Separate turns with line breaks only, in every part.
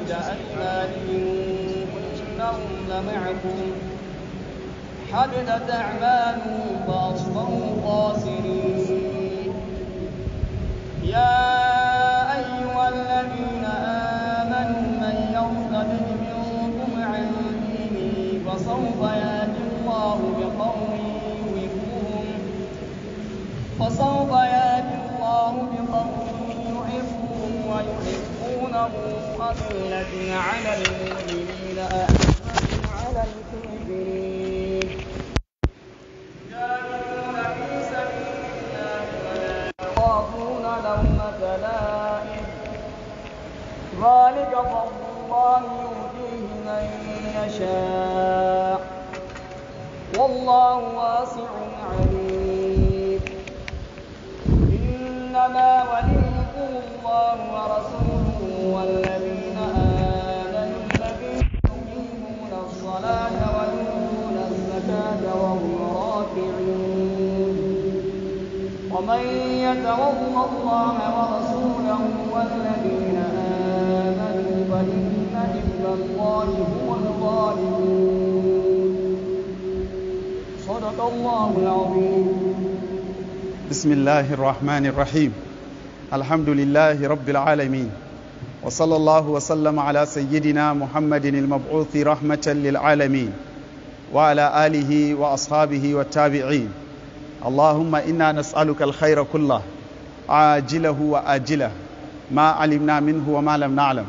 عند أسلافهم إنهم لمعكم حبطت أعمالهم فأصبحوا خاسرين يا أيها الذين آمنوا من يرتد منكم عن دينه فسوف يأتي الله بقوم يحبهم فسوف ظاهره على المؤمنين أعزة على الكافرين جاهدون في سبيل الله ولا يخافون لومة لائم ذلك فضل الله يؤتيه من يشاء والله واسع عليم إنما وليكم الله ورسوله وَالَّذِينَ آمَنُوا الَّذِينَ يُقِيمُونَ الصَّلَاةَ وَيُؤْتُونَ الزَّكَاةَ وَهُمْ رَاكِعُونَ وَمَن يَتَوَلَّ اللَّهَ وَرَسُولَهُ وَالَّذِينَ آمَنُوا فَإِنَّ حِزْبَ اللَّهِ هُمُ الْغَالِبُونَ صدق الله العظيم
بسم الله الرحمن الرحيم الحمد لله رب العالمين وصلى الله وسلم على سيدنا محمد المبعوث رحمة للعالمين وعلى آله وأصحابه والتابعين اللهم إنا نسألك الخير كله عاجله وآجله ما علمنا منه وما لم نعلم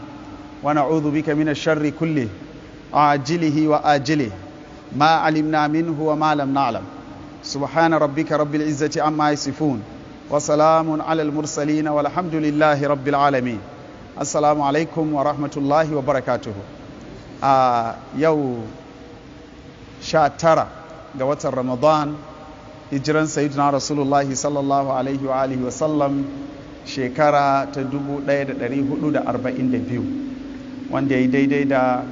ونعوذ بك من الشر كله عاجله وآجله ما علمنا منه وما لم نعلم سبحان ربك رب العزة عما يصفون وسلام على المرسلين والحمد لله رب العالمين assalamu alaikum wa rahmatullahi wa barakatuhu a yau sha tara ga watan ramadan hijiran sayyidina rasulullahi sallallahu alaihi wa alihi wa sallam shekara ta 1442 wanda ya yi daidai da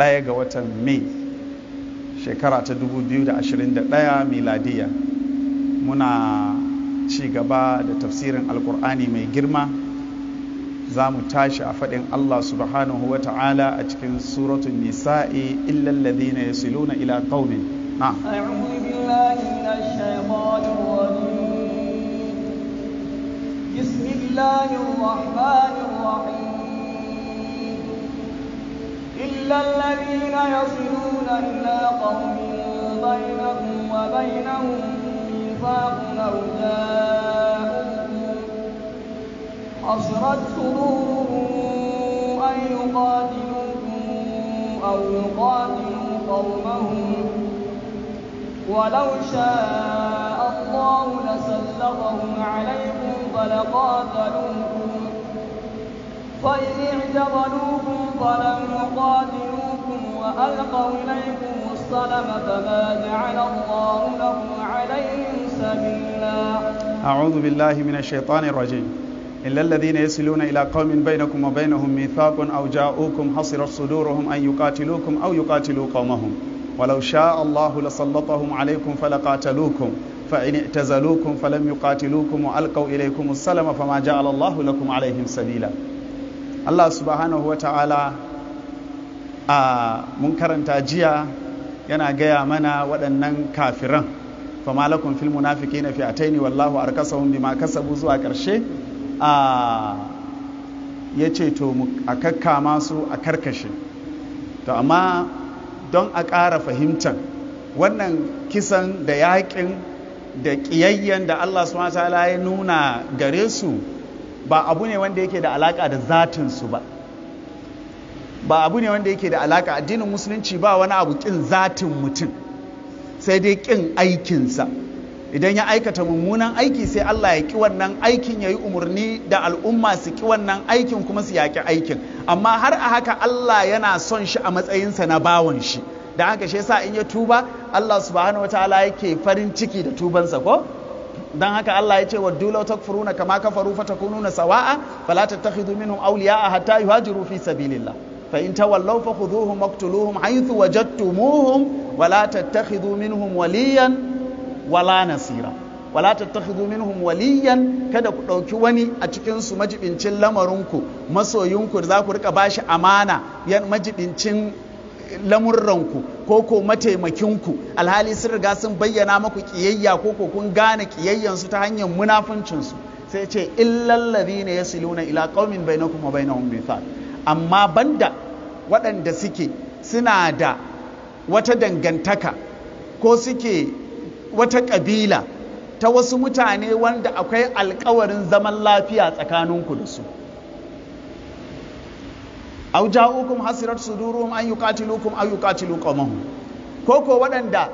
ɗaya ga watan mai shekara ta 2021 miladiya muna ci gaba da tafsirin alkur'ani mai girma za mu tashi a faɗin Allah subhanahu wa ta'ala a cikin suratun nisa'i illal ladina yasiluna ila qaumin na
a'udhu billahi minash shaitanir rajim bismillahir rahmanir rahim illal ladina yasiluna ila qaumin bainakum wa bainahum mithaqun aw حصرت أن يقاتلوكم أو يقاتلوا قومهم ولو شاء الله لسلطهم عليكم فلقاتلوكم فإن اعتقلوكم فلم يقاتلوكم وألقوا إليكم السلم فما جعل الله لهم عليهم سبيلا
أعوذ بالله من الشيطان الرجيم إلا الذين يصلون إلى قوم بينكم وبينهم ميثاق أو جاءوكم حصرت صدورهم أن يقاتلوكم أو يقاتلوا قومهم ولو شاء الله لسلطهم عليكم فلقاتلوكم فإن اعتزلوكم فلم يقاتلوكم وألقوا إليكم السلم فما جعل الله لكم عليهم سبيلا الله سبحانه وتعالى آه منكر تاجيا yana gaya mana waɗannan kafiran fama lakum fil munafiqina fi'ataini wallahu arkasahum bima kasabu zuwa ƙarshe a ya ce to a kakkama su a karkashe to amma don a ƙara fahimtar wannan kisan da yaƙin da ƙiyayyen da Allah su ta'ala ya nuna gare su ba abu ne wanda yake da alaƙa da zatinsu ba ba abu ne wanda yake da alaƙa addinin musulunci ba wani abu ƙin zatin mutum sai dai ƙin aikinsa idan ya aikata mummunan aiki sai Allah ya ki wannan aikin ya yi umarni da al'umma su ki wannan aikin kuma su yaƙi aikin amma har a haka Allah yana son shi a matsayinsa na bawan shi da haka shi yasa in ya tuba Allah subhanahu wataala yake farin ciki da tubansa ko dan haka Allah ya ce wa dulau takfuruna kama kafaru fatakununa sawa'a fala tattakhidu minhum awliya'a hatta yuhajiru fi sabilillah fa in tawallaw fakhudhuhum waqtuluhum haythu wajadtumuhum wala tattakhidu minhum waliyan wala nasira wala tattakhidhu minhum waliyan kada ku ɗauki wani a cikin su majibincin lamarinku masoyinku da za ku rika bashi amana yan majibincin lamurranku ko ko mataimakinku alhali sun riga sun bayyana maku kiyayya ko ko kun gane su ta hanyar munafuncinsu sai ce illal ladina yasiluna ila qaumin bainakum wa bainahum mithaq amma banda waɗanda suke suna da wata dangantaka ko suke wata ƙabila ta wasu mutane wanda akwai alkawarin zaman lafiya tsakaninku da su aw ja'ukum hasirat sudurum an yuqatilukum aw yuqatilu ko ko waɗanda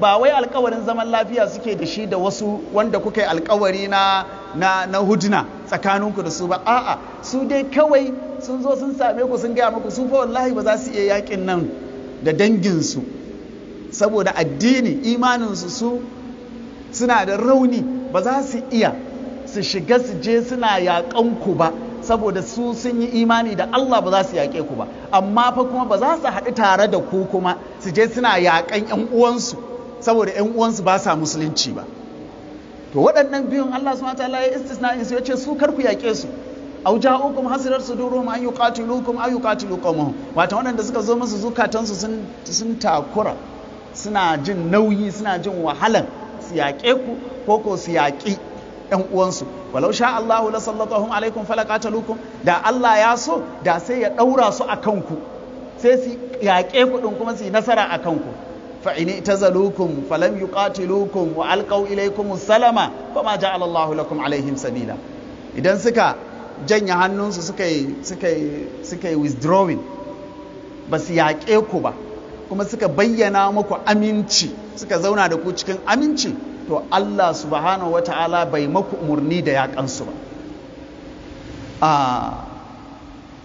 ba wai alkawarin zaman lafiya suke da shi da wasu wanda kuka yi alkawari na na na tsakaninku da su ba a'a su dai kawai sun zo sun same ku sun gaya muku su fa wallahi ba za su iya yakin nan da danginsu saboda addini imaninsu su suna da rauni ba za su iya su shiga su je suna yaƙan ku ba saboda su sun yi imani da Allah ba za su yaƙe ku ba amma fa kuma ba za su haɗu tare da ku kuma su je suna yaƙan ƴan uwansu saboda ƴan uwansu ba sa musulunci ba to waɗannan biyun Allah subhanahu wataala ya istisna in su yace su kar ku yaƙe su aw ja'ukum hasirar suduruhum an yuqatilukum aw wato waɗanda suka zo musu zukatansu sun takura suna jin nauyi suna jin wahalan su yaƙe ku ko ko su yaƙi ‘yan uwansu walau sha Allahu la sallatahum alaikum falaqatalukum da Allah ya so da sai ya ɗaura su akan ku sai su yaƙe ku din kuma su yi nasara akan ku fa in tazalukum falam yuqatilukum wa alqaw ilaykum salama fama ja'ala Allahu lakum alaihim sabila idan suka janya hannunsu suka yi suka yi suka yi withdrawing ba su yaƙe ku ba kuma suka bayyana muku aminci suka zauna da ku cikin aminci to Allah subhanahu wa ta'ala bai maku umarni da yaƙansu ba a ah,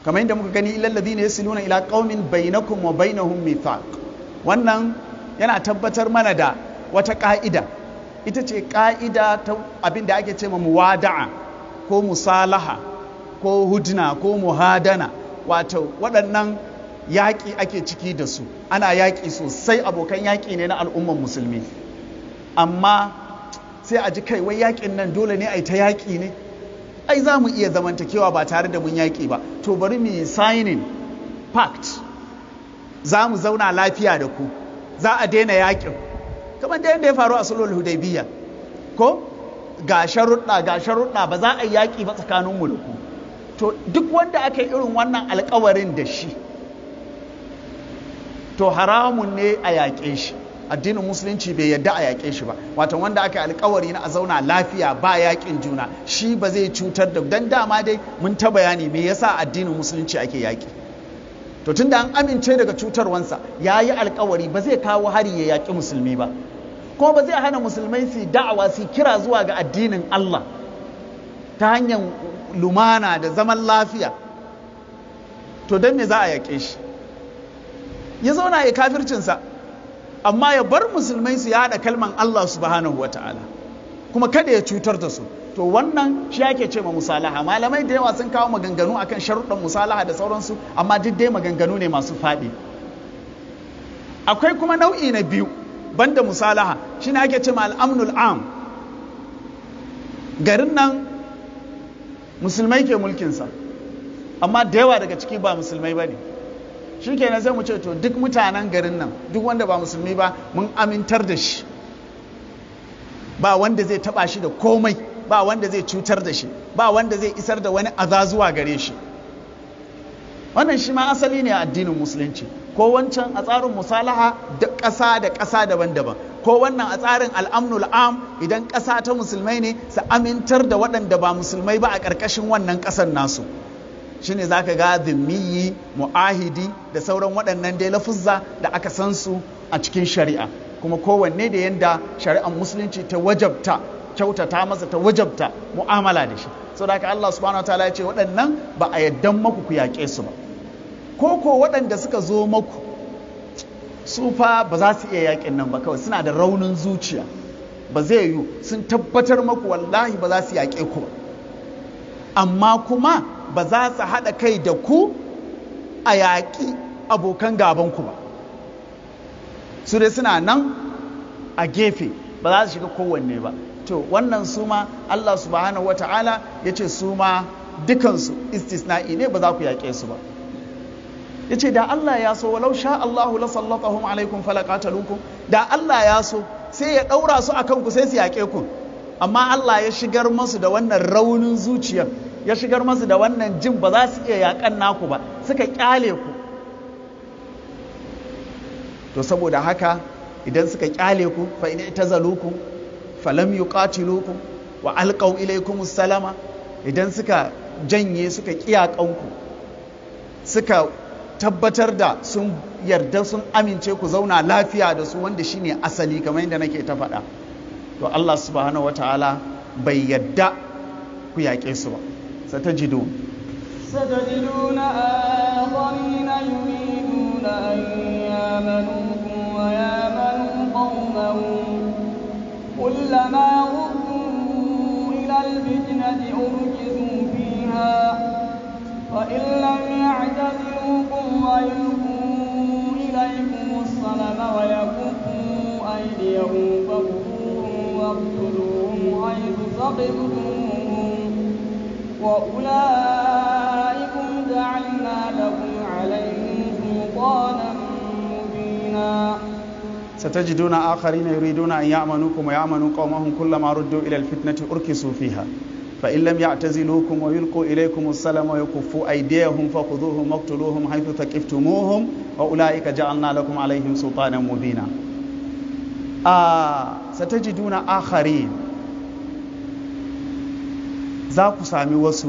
kamar yadda muka gani ne ladina nuna ila qaumin bainakum wa bainahum mithaq wannan yana tabbatar mana da wata ƙa'ida. ita ce ƙa'ida ta abin da ake cewa muwada'a ko musalaha ko hudna ko muhadana wato waɗannan yaƙi ake ciki da su ana yaƙi sosai abokan yaƙi ne na al'ummar musulmi amma sai a ji kai wai yaƙin nan dole ne a yi ta yaƙi ne ai za mu iya zamantakewa ba tare da mun yaƙi ba to bari mu yi signing pact za mu zauna lafiya da ku za a daina yaƙin kamar da yadda ya faru a sulhul hudaybiya ko ga sharuɗa ga sharuɗa ba za a yi yaƙi ba tsakanin mu da ku to duk wanda aka yi irin wannan alƙawarin da shi to haramun ne a yaƙe shi addinin musulunci bai yadda a yaƙe shi ba wato wanda aka alkawari na a zauna lafiya ba yaƙin juna shi ba zai cutar da dan dama dai mun ta bayani me yasa addinin musulunci ake yaƙi to tunda an amince daga cutarwansa ya yi alkawari ba zai kawo hari ya yaƙi musulmi ba Ko ba zai hana musulmai su da'awa su kira zuwa ga addinin Allah ta hanyar lumana da zaman lafiya to don me za a yaƙe shi ya zauna ya kafircinsa amma ya bar musulmai su yada kalman Allah subhanahu wata'ala kuma kada ya cutar da su to wannan shi ake ce ma musalaha malamai da yawa sun kawo maganganu akan sharuɗan musalaha da sauransu amma duk dai maganganu ne masu faɗi akwai kuma nau'i na biyu banda musalaha shi ne ake ce ma al'amnul am garin nan musulmai ke mulkinsa amma da yawa daga ciki ba musulmai ba ne shi nan sai mu ce to duk mutanen garin nan duk wanda ba musulmi ba mun amintar da shi ba wanda zai taba shi da komai ba wanda zai cutar da shi ba wanda zai isar da wani aza zuwa gare shi wannan shi ma asali ne a addinin musulunci ko wancan a tsarin musalaha da ƙasa da ƙasa daban-daban ko wannan a tsarin al'amnul am idan ƙasa ta musulmai ne su amintar da waɗanda ba musulmai ba a ƙarƙashin wannan ƙasar nasu shine za ka ga zimmiyi mu'ahidi da sauran waɗannan dai lafuzza da aka san su a cikin shari'a kuma kowanne da yanda shari'ar musulunci ta wajabta kyautata masa ta wajabta mu'amala da shi saboda aka Allah subhanahu wataala ya ce waɗannan ba a yaddan maku ku yaƙe su ba ko ko waɗanda suka zo maku su fa ba za su iya yaƙin nan ba kawai suna da raunin zuciya ba zai yiwu sun tabbatar maku wallahi ba za su yaƙe ku ba amma kuma ba za su haɗa kai da ku a yaƙi abokan gabanku ba su dai suna nan a gefe ba za su shiga kowanne ba to wannan su ma Allah subhanahu wa ta'ala ya ce su ma dukansu istisna'i ne ba za ku yaƙe su ba ya ce da Allah ya so walau sha Allahu la sallatahum alaikum falaqatalukum da Allah ya so sai ya ɗaura su a ku sai su yaƙe ku amma Allah ya shigar masu da wannan raunin zuciyar ya shigar masu da wannan jin ba za su iya yakan naku ba suka kyale ku to saboda haka idan suka kyale ku fa in fa lam yuqatilukum wa alqaw ilaykum salama idan suka janye suka ku suka tabbatar da sun yarda sun amince ku zauna lafiya da su wanda shine asali kamar yadda nake ta faɗa to Allah subhanahu wataala bai yadda ku yaƙe su ba ستجدون
ستجدون آخرين يريدون أن يامنوكم ويامنوا قومهم كلما ردوا إلى الفتنة أركزوا فيها وإن لم يعتزلوكم ويلقوا إليكم الصنم ويكفوا أيديهم فاقتلوهم واقتلوهم حيث ثقفتموهم وَأُولَٰئِكُمْ جَعَلْنَا لَهُمْ عَلَيْهِمْ سُلْطَانًا مُّبِينًا
ستجدون آخرين يريدون أن يأمنوكم ويأمنوا قومهم كلما ردوا إلى الفتنة أركسوا فيها فإن لم يعتزلوكم ويلقوا إليكم السلام ويكفوا أيديهم فخذوهم واقتلوهم حيث ثقفتموهم وأولئك جعلنا لكم عليهم سلطانا مبينا آه ستجدون آخرين za ku sami wasu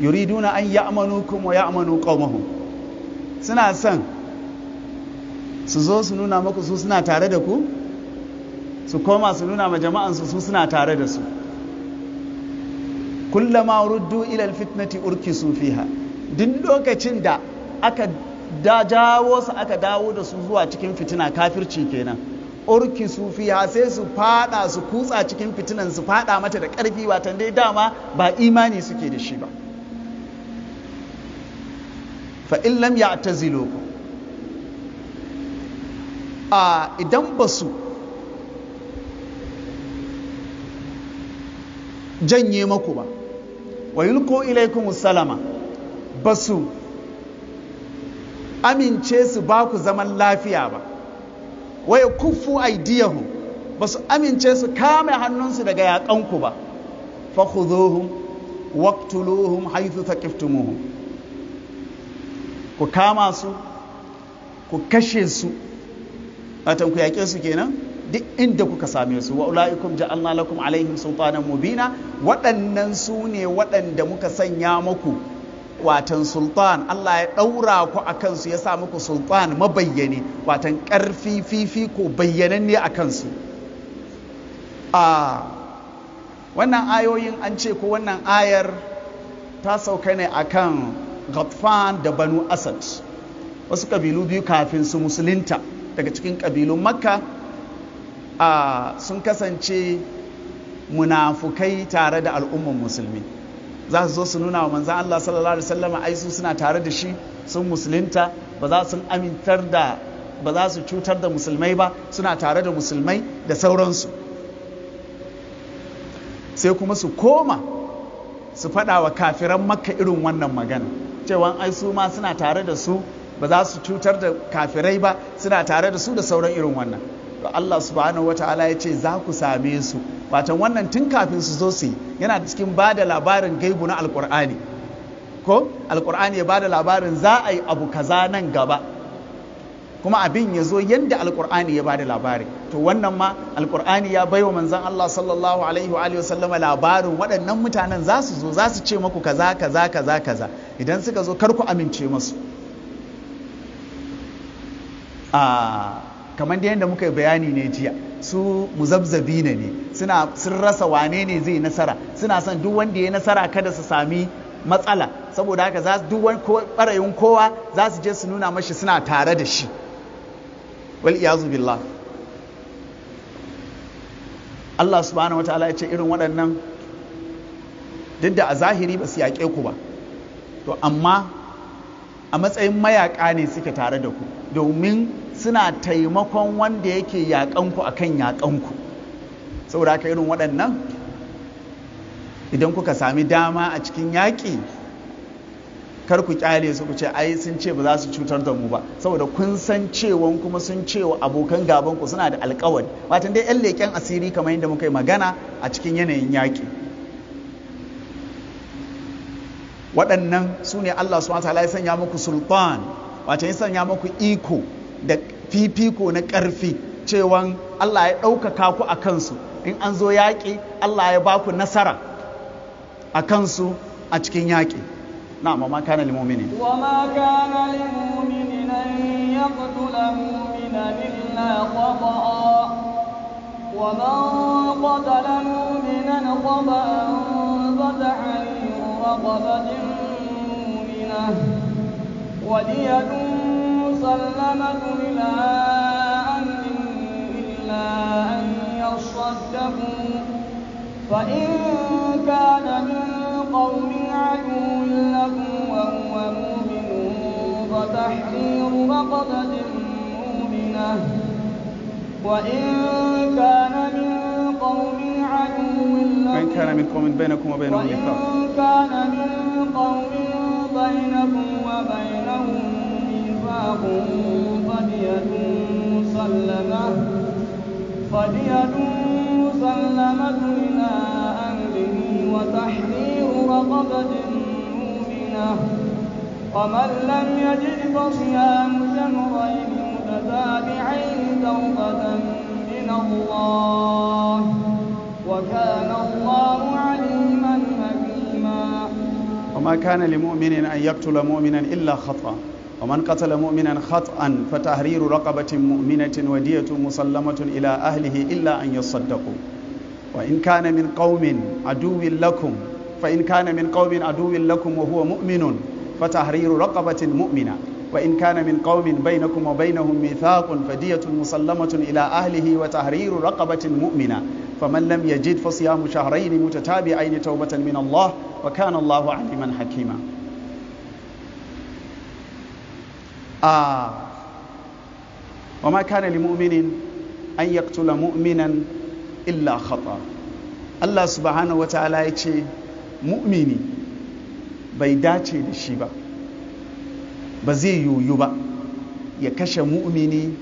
yuriduna an amanu kuma ya amanu qaumahum suna son su zo su nuna maku su suna tare da ku su koma su nuna ma jama'ansu su suna tare da su kullama ruddu fitnati alfitnati urkisu fiha duk lokacin da aka da jawo su aka dawo da su zuwa cikin fitina kafirci kenan urki sufiya sai su fada su kutsa cikin fitinan su fada mata da ƙarfi watan dai dama ba imani suke da shi ba fa in lam ya'taziluku a idan ba su janye maku ba wa yulko ilaikum salama ba su amince su ba ku zaman lafiya ba waya kufu aidiyahu ba su amince su kame hannunsu daga yaƙanku ba fakhuzuhum waqtuluhum haythu taqiftumuhum ku kama su ku kashe su atan ku yaƙe su kenan duk inda kuka same su wa ulaikum ja'alna lakum alaihim sultanan mubina waɗannan su ne waɗanda muka sanya muku watan sultan Allah ya ɗaura ku a kansu ya sa muku sultan mabayyane watan ƙarfi fifi ko bayyananne a kansu wannan ayoyin an ce ko wannan ayar ta sauka ne a kan ghatfan da banu asad wasu ƙabilu biyu kafin su musulinta daga cikin ƙabilun makka sun kasance munafukai tare da al'umman musulmi za su zo su nuna wa manzan Allah sallallahu alaihi wasallam ai su suna tare da shi sun musulunta ba za su amintar da ba za su cutar da musulmai ba suna tare da musulmai da sauransu sai kuma su koma su faɗa wa kafiran makka irin wannan magana cewa ai su ma suna tare da su ba za su cutar da kafirai ba suna tare da su da sauran irin wannan to Allah subhanahu ta'ala ya ce za ku same su watan wannan tun kafin su zo su yana cikin ba da labarin gaibu na alkur'ani ko alkur'ani ya ba da labarin za a yi abu kaza nan gaba kuma abin ya zo yadda alkur'ani ya ba da labarin. to wannan ma alkur'ani ya baiwa manzon Allah sallallahu alaihi wa sallama labarin waɗannan mutanen za su zo za su ce maku kaza kaza kaza kaza idan suka zo kar ku amince masu ah. kamar da yadda muka yi bayani ne jiya su muzabzabi na ne suna sun rasa wane ne zai nasara suna son duk wanda ya nasara kada su sami matsala saboda haka za duk wani kowa za su je su nuna mashi suna tare da shi wal iyazu billah Allah subhanahu wa ta'ala ya ce irin waɗannan duk da a zahiri ba su yaƙe ku ba to amma a matsayin mayaƙa ne suke tare da ku domin suna taimakon wanda yake yaƙanku a kan yaƙanku saboda haka irin waɗannan idan kuka sami dama a cikin yaƙi kar ku ƙyale su ku ce ai sun ce ba za su cutar da mu ba saboda kun san cewa kuma sun ce wa abokan gabanku suna da alƙawari watan dai 'yan leƙen asiri kamar yadda muka yi magana a cikin yanayin yaƙi waɗannan su ne allah subhanahu wa ta'ala ya sanya muku sultan wato ya sanya muku iko da fifiko na ƙarfi cewan Allah ya ɗaukaka ku a kansu in an zo yaƙi Allah ya ba ku nasara a kansu a cikin yaƙi na'am ma kana lil mu'mini wa ma na lil mu'mini an yaqtula
mu'mina illa na wa man qatala mu'minan qada'an qada'a رغبة مؤمنة ودية مُّسَلَّمَةٌ لَّا أَمْلِكُ إِلَّا أَن يَصَّدَّقُوا ۖ فَإِن كَانَ مِن قَوْمٍ عَدُوٍّ لَّكُمْ وَهُوَ مُؤْمِنٌ فَتَحْرِيرُ رَقَبَةٍ مُّؤْمِنَةٍ ۖ وَإِن كَانَ مِن قَوْمٍ عَدُوٍّ لَّكُمْ وَإِن
كَانَ من قوم بينكم وبينهم ميثاق
وإن كان من قوم بينكم وبينهم فأصابتكم فدية مسلمة فدية مسلمة إلى أهله وتحرير رقبة مؤمنة ومن لم يجد فصيام شهرين متتابعين توبة من الله وكان الله عليما حكيما
وما كان لمؤمن أن يقتل مؤمنا إلا خطأ ومن قتل مؤمنا خطأ فتحرير رقبة مؤمنة ودية مسلمة إلى أهله إلا أن يصدقوا وإن كان من قوم عدو لكم فإن كان من قوم عدو لكم وهو مؤمن فتحرير رقبة مؤمنة وإن كان من قوم بينكم وبينهم ميثاق فدية مسلمة إلى أهله وتحرير رقبة مؤمنة فمن لم يجد فصيام شهرين متتابعين توبة من الله وكان الله عليما حكيما Aa wa ma kana mu'minin an yaqtula mu'minan illa khata Allah subhanahu ya ce mu'mini bai dace da shi ba ba zai yoyu ba ya kashe mu'mini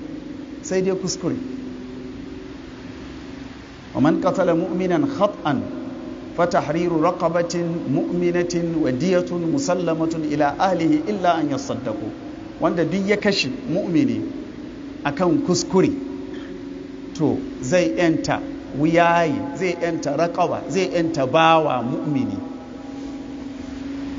sai dai kuskure wa man qatala mu'minan khat'an fa tahriru raqabatin mu'minatin wa diyatun musallamatun ila ahlihi illa an yasaddaqu wanda duk ya kashe mu'mini akan kuskure to zai yanta wuyayi zai yanta raƙawa zai yanta bawa mu'mini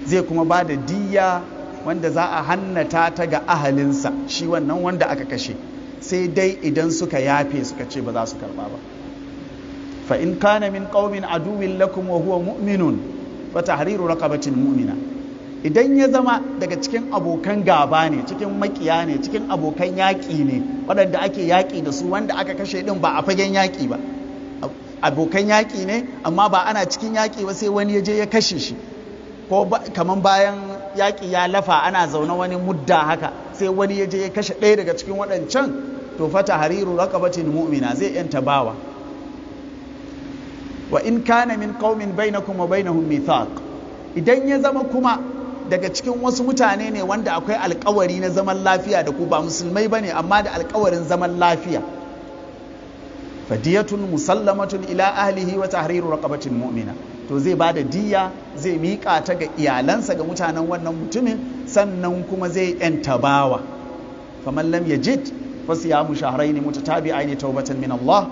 zai kuma ba da diya wanda za a hannata ta ga ahalinsa shi wannan wanda aka kashe sai dai idan suka yafe suka ce ba za su karba ba fa in kana min qaumin aduwin lakum wa huwa mu'minun fa tahriru raqabatin mu'mina idan ya zama daga cikin abokan gaba ne cikin makiya ne cikin abokan yaƙi ne waɗanda ake yaƙi da su wanda aka kashe ɗin ba a fagen yaƙi ba abokan yaƙi ne amma ba ana cikin yaƙi ba sai wani ya je ya kashe shi ko kamar bayan yaƙi ya lafa ana zaune wani mudda haka sai wani ya je ya kashe ɗaya daga cikin waɗancan to fata hariru raqabatin mu'mina zai yanta bawa wa in kana min qaumin bainakum wa bainahum mithaq idan ya zama kuma daga cikin wasu mutane ne wanda akwai alkawari na zaman lafiya da ku ba musulmai ba ne amma da alkawarin zaman lafiya fadiyatun musallamatun ila ahlihi wa tahriru raqabatin mu'mina to zai ba da diya zai miƙa ta ga iyalansa ga mutanen wannan mutumin sannan kuma zai yanta bawa faman lam yajid fa siyamu shahrayn mutatabi'ain tawbatan min Allah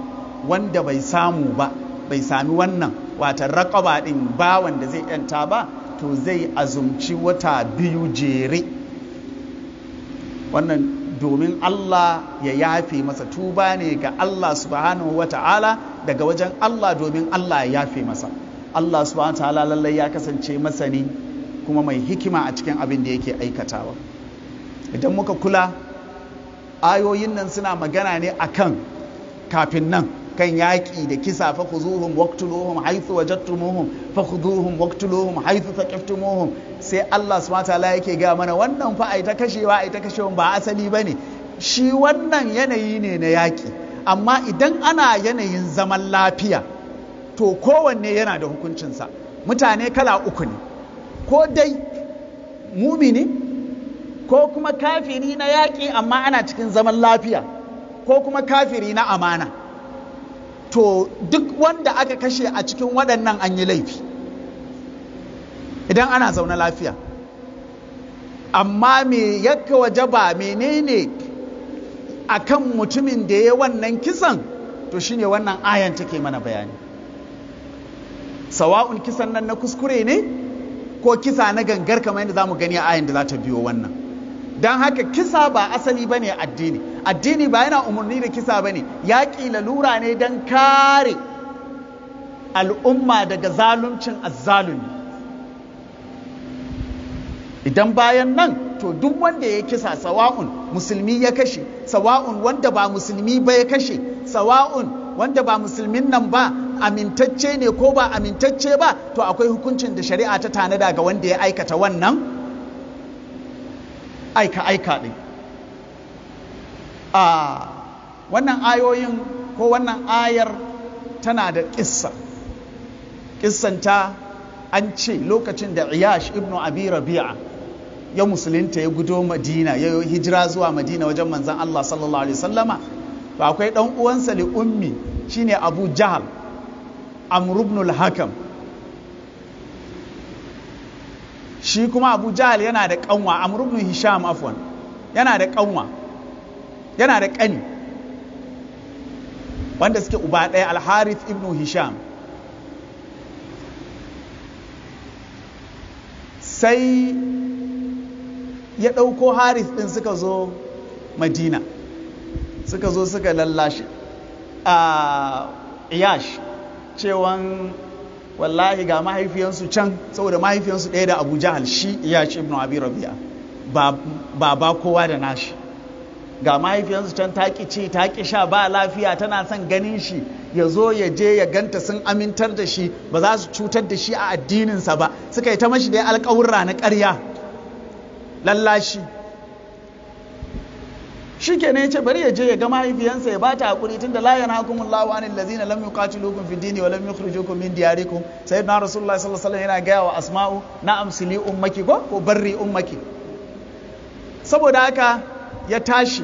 wanda bai samu ba bai sami wannan Wata raqaba din bawan da zai yanta ba wato zai azumci wata biyu jere wannan domin Allah ya yafe masa tuba ne ga Allah subhanahu wa ta'ala daga wajen Allah domin Allah ya yafe masa Allah subhanahu wa ta'ala lallai ya kasance masa masani kuma mai hikima a cikin abin da yake aikatawa idan muka kula ayoyin nan suna magana ne akan kafin nan Kan yaƙi da kisa fa ku khuzuhum wa haythu muhun! fa khuzuhum waqtuluhum haythu muhun! sai Allah subhanahu wataala yake ga mana wannan fa ai ta kashewa ai ta kashewa ba asali bane shi wannan yanayi ne na yaƙi amma idan ana yanayin zaman lafiya to kowanne yana da hukuncinsa mutane kala uku ne ko dai mumini ko kuma kafiri na yaƙi amma ana cikin zaman lafiya ko kuma kafiri na amana to duk wanda aka kashe a cikin waɗannan an yi laifi idan ana zaune lafiya amma me yakka wajaba menene akan mutumin da ya wannan kisan to shine wannan ayan take mana bayani sawa'un kisan nan na kuskure ne ko kisa na gangar kamar yadda zamu gani a ayan da za ta biyo wannan don haka kisa ba asali bane addini addini ba yana umarni da kisa ba ne yaƙi lura ne don kare al'umma daga zaluncin azzalumi idan bayan nan to duk wanda ya kisa sawa'un musulmi ya kashe sawa'un wanda ba musulmi ba ya kashe sawa'un wanda ba musulmin nan ba amintacce ne ko ba amintacce ba to akwai hukuncin da shari'a ta tanada ga wanda ya aikata wannan aika-aika ɗin a wannan ayoyin ko wannan ayar tana da ƙissa ta an ce lokacin da iyash ibnu abi rabi'a ya musulunta ya gudo madina ya hijira zuwa madina wajen manzan allah sallallahu alaihi sallama to akwai ɗan uwansa li ummi shine abu jahal amrubnul hakam shi kuma abu jahal yana da ƙanwa amrubnul hisham afwan yana da ƙanwa yana da ƙani wanda suke uba ɗaya Alharif ibn hisham sai ya ɗauko haris ɗin suka zo madina suka zo suka lallashi a yash cewan wallahi ga mahaifiyansu can saboda mahaifiyansu ɗaya da abu jahal shi yash ibn abi rabia ba ba kowa da nashi ga mahaifiyarsu can taƙi ci taƙi sha ba lafiya tana son ganin shi ya zo ya je ya ganta sun amintar da shi ba za su cutar da shi a addininsa ba suka yi ta mashi da dai alƙawurra na ƙarya lallashi shi ke ne ce bari ya je ya ga mahaifiyarsa ya ba ta haƙuri tun da layan hakumun lawa anil lazina lam yuqatilukum fi dini wa lam kuma min sai rasu rasulullah sallallahu alaihi yana gaya wa asma'u na amsili ummaki ko ko barri ummaki saboda haka ya tashi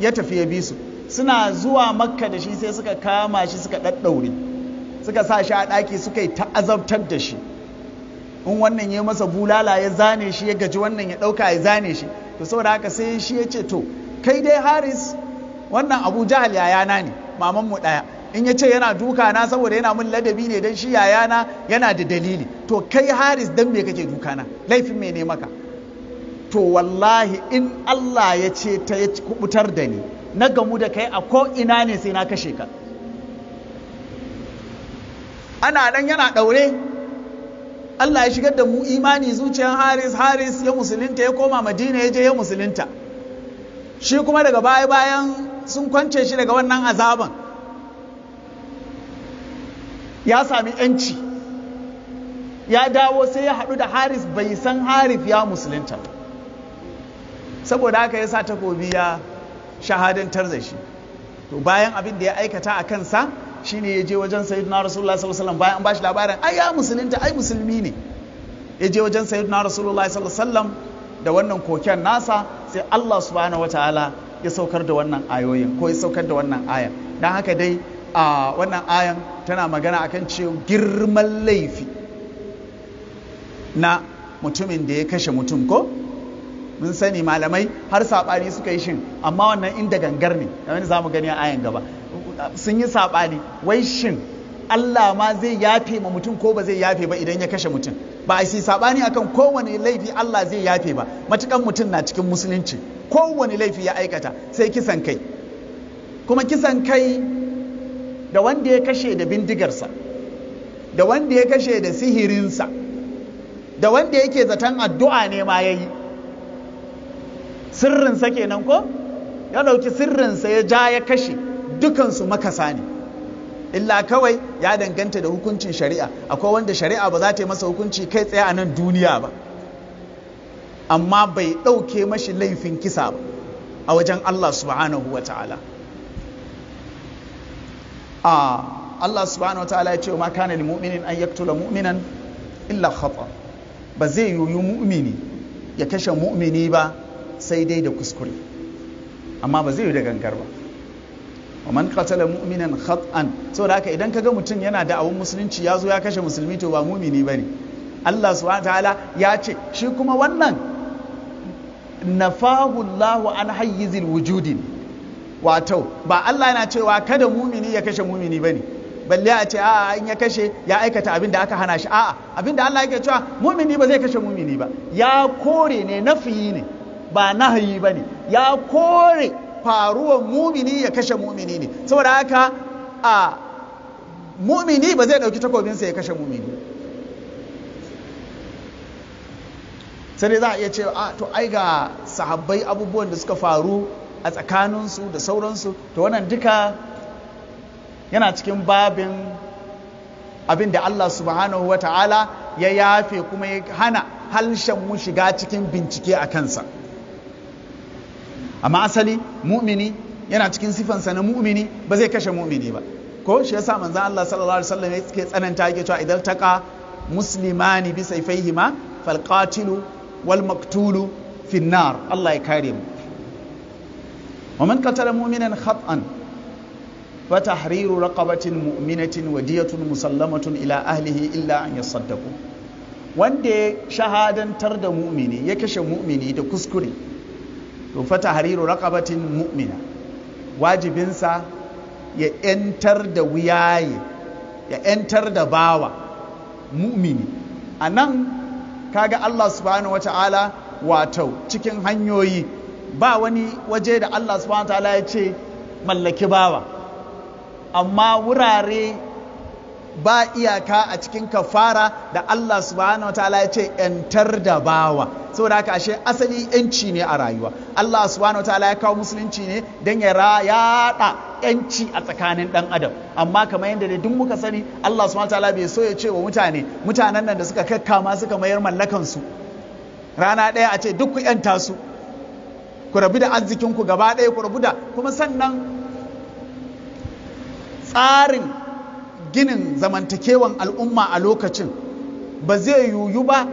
ya tafi ya bi su suna zuwa makka da shi sai suka kama shi suka ɗaɗɗaure suka sa shi a ɗaki suka yi ta'azabtar da shi in wannan ya masa bulala ya zane shi ya gaji wannan ya ɗauka ya zane shi to saboda haka sai shi ya ce to kai dai haris wannan abu jahal yayana ne maman mu ɗaya in ya ce yana duka na saboda yana min ladabi ne don shi yayana yana da dalili to kai haris dan me kake duka na laifin me ne maka to wallahi in Allah ya ce ta ya kubutar da ni na gamu da kai a ko ina ne sai na kashe ka ana nan yana daure, Allah ya shigar da mu imani zuciyar Haris Haris ya musulunta ya koma Madina ya je ya musulunta shi kuma daga baya bayan sun kwance shi daga wannan azaban ya sami yanci ya dawo sai ya haɗu da Haris bai san Harif ya musulunta ba saboda haka ya sa takobi ya shahadantar da shi to bayan abin da ya aikata a kansa shi ne ya je wajen na rasulullah sallallahu alaihi ba bayan labarin ai ya musulunta ai musulmi ne ya je wajen na rasulullah sallallahu da wannan koken nasa sai Allah subhanahu Ta'ala ya saukar da wannan ayoyin ko ya saukar da wannan ayan dan haka dai a wannan ayan tana magana akan ce girman laifi na mutumin da ya kashe mutum ko mun sani malamai har saɓani suka yi shin amma wannan inda gangar ne kamar za mu gani a ayan gaba sun yi saɓani wai shin Allah ma zai yafe ma mutum ko ba zai yafe ba idan ya kashe mutum ba a si saɓani akan kowane laifi Allah zai yafe ba matukan mutum na cikin musulunci kowane laifi ya aikata sai kisan kai kuma kisan kai da wanda ya kashe da bindigarsa da wanda ya kashe da sihirinsa da wanda yake zaton addu'a ne ma ya yi Sirrin sa kenan ko ya ɗauki sa ya ja ya kashe dukansu makasa ne illa kawai ya danganta da hukuncin shari'a akwai wanda shari'a ba za ta yi masa hukunci kai tsaye a nan duniya ba amma bai ɗauke mashi laifin kisa ba a wajen Allah subhanahu wa ta'ala Allah subhanahu wa ta'ala ya ce ma kana mu'minin an yaktula mu'minan illa khata ba zai yi mu'mini ya kashe mu'mini ba sai dai da kuskure amma ba zai yi da gangar ba wa man qatala mu'minan khat'an saboda haka idan kaga mutum yana da awun musulunci ya zo ya kashe musulmi to ba mumini bane Allah subhanahu ta'ala ya ce shi kuma wannan nafahu Allah an hayyizil wujudi wato ba Allah yana cewa kada mumini ya kashe mumini bane balle a ce a'a in ya kashe ya aikata abin da aka hana shi a'a abin da Allah yake cewa mumini ba zai kashe mumini ba ya kore ne nafiyi ne ba nahayi ba ne ya kore faruwar mumini ya kashe mumini ne saboda haka a mumini ba zai ɗauki takobinsa ya kashe mumini sai dai za a iya ce a to ai ga sahabbai abubuwan da suka faru a tsakaninsu da sauransu to wannan duka yana cikin babin abin da Allah subhanahu wa ta'ala ya yafe kuma ya hana halshen mu shiga cikin bincike a kansa amma asali mu'mini yana cikin sifansa na mu'mini ba zai kashe mu'mini ba ko shi yasa manzon Allah sallallahu alaihi wasallam yake tsananta yake cewa idan taqa muslimani bi sayfayhima fal qatilu wal maqtulu fi nar Allah ya kare mu wa man qatala mu'minan khat'an fa tahriru raqabatin mu'minatin wadiyatun musallamatun ila ahlihi illa an yasaddaqu wanda ya shahadantar da mu'mini ya kashe mu'mini da kuskure to fa tahriru raqabatin mu'mina wajibinsa ya ‘yantar da wuyaye ya ‘yantar da bawa mu'mini anan nan kaga Allah subhanahu wata'ala wato cikin hanyoyi ba wani waje da Allah subhanahu wata'ala ya ce mallaki bawa amma wurare ba iyaka a cikin kafara da Allah subhanahu wataala ya ce yantar da bawa saboda haka ashe asali yanci ne a rayuwa Allah subhanahu wataala ya kawo musulunci ne don ya yaɗa yanci a tsakanin ɗan adam amma kamar yadda da duk muka sani Allah subhanahu wataala bai so ya ce wa mutane mutanen nan da suka kakkama suka mayar mallakansu rana ɗaya a ce duk ku yanta su ku rabu da arzikinku gaba ɗaya ku rabu da kuma sannan tsarin ginin zamantakewan al'umma a lokacin ba zai yuyu ba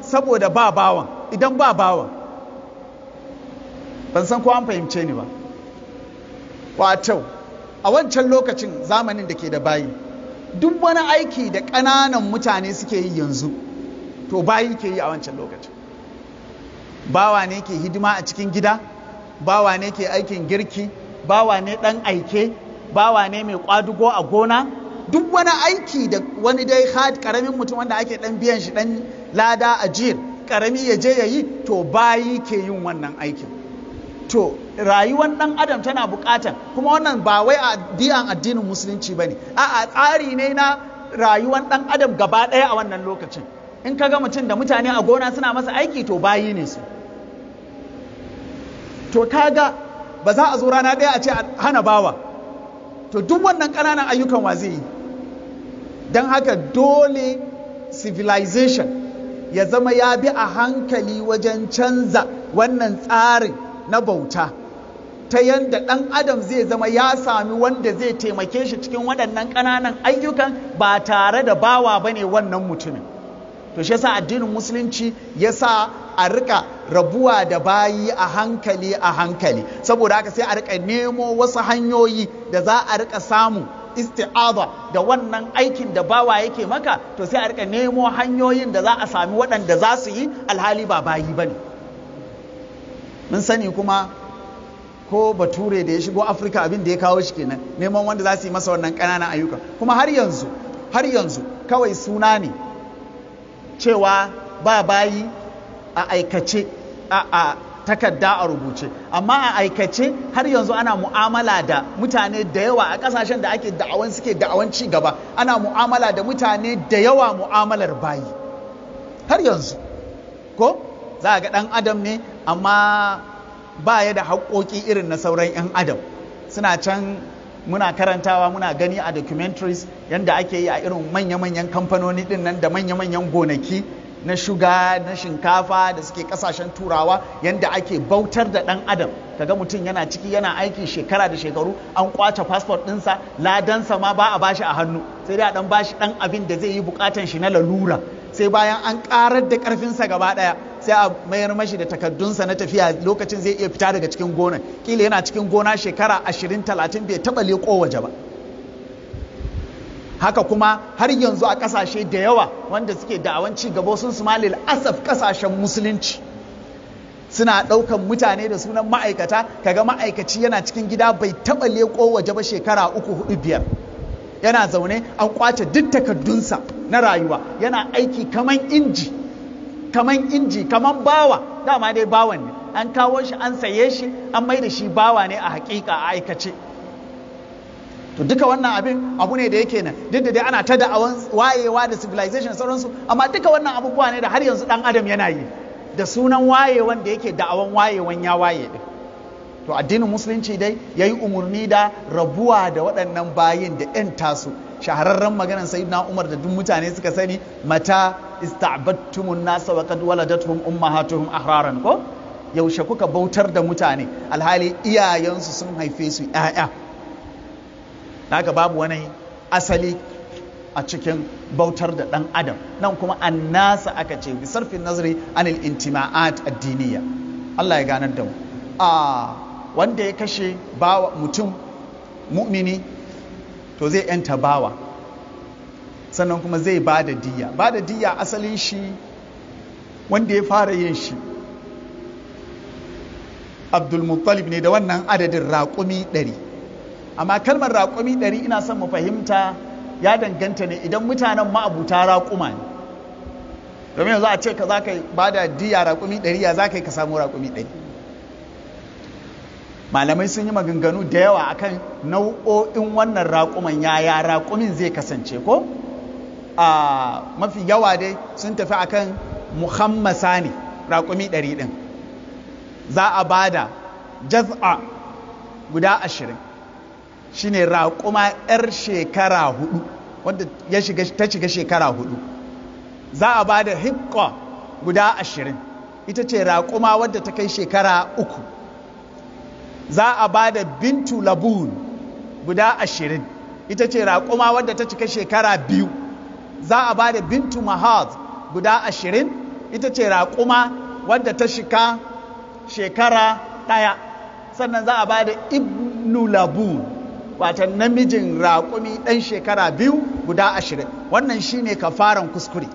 saboda ba bawan idan ba bawan ban san ko an fahimce ni ba wato a wancan lokacin zamanin da ke da bayi duk wani aiki da ƙananan mutane suke yi yanzu to bayi ke yi a wancan lokacin bawa ne ke hidima a cikin gida bawa ne ke aikin girki bawa ne ɗan aike bawa ne mai ƙwadugo a gona duk wani aiki da wani dai had karamin mutum wanda ake dan biyan shi dan lada a ajir karami ya je ya yi to bayi ke yin wannan aikin to rayuwar dan adam tana bukatan kuma wannan ba wai a diyan addinin musulunci ba ne. a tsari ne na rayuwar dan adam gaba daya a wannan lokacin in ka ga mutum da mutane a gona suna masa aiki to bayi ne su to kaga ba za a zo rana daya a ce hana bawa to duk wannan ƙananan ayyukan wa zai yi don haka dole civilization ya zama ya bi a hankali wajen canza wannan tsarin na bauta ta yadda ɗan adam zai zama ya sami wanda zai taimake shi cikin waɗannan ƙananan ayyukan ba tare da bawa ba ne wannan mutumin to shi yasa addinin musulunci ya sa a rika rabuwa da bayi a hankali a hankali saboda haka sai a rika nemo wasu hanyoyi da za a rika samu isti'adha da wannan aikin da bawa yake maka to sai a rika nemo hanyoyin da za a sami waɗanda za su yi alhali ba bayi ba ne mun sani kuma ko bature da ya shigo afirka abin da ya kawo shi kenan neman wanda za su yi masa wannan ƙananan ayyuka kuma har yanzu har yanzu kawai suna ne cewa ba bayi a aikace a a takarda a rubuce amma a aikace har yanzu ana mu'amala da mutane da yawa a kasashen da ake da'awan suke da'awan ci gaba ana mu'amala da mutane da yawa mu'amalar bayi har yanzu ko za a ga ɗan adam ne amma ba ya da haƙoƙi irin na sauran 'yan adam suna can muna karantawa muna gani a documentaries yadda ake yi a irin manya-manyan kamfanoni ɗin nan da manya-manyan gonaki na shuga na shinkafa da suke kasashen turawa yadda ake bautar da ɗan adam kaga mutum yana ciki yana aiki shekara da shekaru an kwace fasfot ɗinsa ladansa ma ba a bashi a hannu sai dai a ɗan bashi ɗan abin da zai yi bukatan shi na lalura sai bayan an ƙarar da karfinsa gaba ɗaya sai a mayar mashi da takardunsa na tafiya lokacin zai iya fita daga cikin gona kila yana cikin gona shekara ashirin talatin bai taɓa leƙo waje ba haka kuma har yanzu a kasashe da yawa wanda suke da'awan ci gaba sun su malil asaf kasashen musulunci suna ɗaukan mutane da sunan ma'aikata kaga ma'aikaci yana cikin gida bai taɓa leƙo waje ba shekara uku hudu biyar yana zaune an kwace duk takardunsa na rayuwa yana aiki kaman inji kaman inji kaman bawa dama dai bawan ne an kawo shi an saye shi an mai da shi bawa ne a hakika a aikace to duka wannan abin abu ne da yake nan duk da dai ana ta da'awan wayewa da civilization sauransu amma duka wannan abubuwa ne da har yanzu dan adam yana yi da sunan wayewan da yake da'awan wayewan ya waye din to addinin musulunci dai ya yi umarni da rabuwa da waɗannan bayin da 'yan tasu shahararren maganar sayyidina umar da duk mutane suka sani mata ista'battumun nasa wa kad waladatuhum ummahatuhum ahraran ko yaushe kuka bautar da mutane alhali iyayensu sun haife su 'ya'ya haka babu wani asali a cikin bautar da ɗan adam nan kuma an nasa aka ce bi sarfin nazari anil intima'at addiniya Allah ya ganar da mu a wanda ya kashe bawa mutum mu'mini to zai yanta bawa sannan kuma zai ba da diya ba da diya asalin shi wanda ya fara yin shi abdulmuttalib ne da wannan adadin raƙumi ɗari amma kalmar raƙumi ɗari ina son mu fahimta ya danganta ne idan mutanen ma'abuta raƙuma ne domin yanzu a ce ka za ka ba da diya raƙumi ɗari ya za ka yi ka samu raƙumi ɗari malamai sun yi maganganu da yawa akan nau'o'in wannan raƙuman yaya raƙumin zai kasance ko a mafi yawa dai sun tafi akan muhammasa ne raƙumi ɗari ɗin za a ba da jaz'a guda ashirin shine raƙuma 'yar shekara hudu wanda ya shiga ta shiga shekara hudu za a ba da hikko guda ashirin ita ce raƙuma wadda ta kai shekara uku za a ba da bintu labun guda ashirin ita ce raƙuma wadda ta cika shekara biyu za a ba da bintu mahaz guda ashirin ita ce raƙuma wadda ta shika shekara ɗaya sannan za a ba da ibnu labun Wata namijin raƙumi ɗan shekara biyu guda ashirin wannan shi ka kafaran kuskure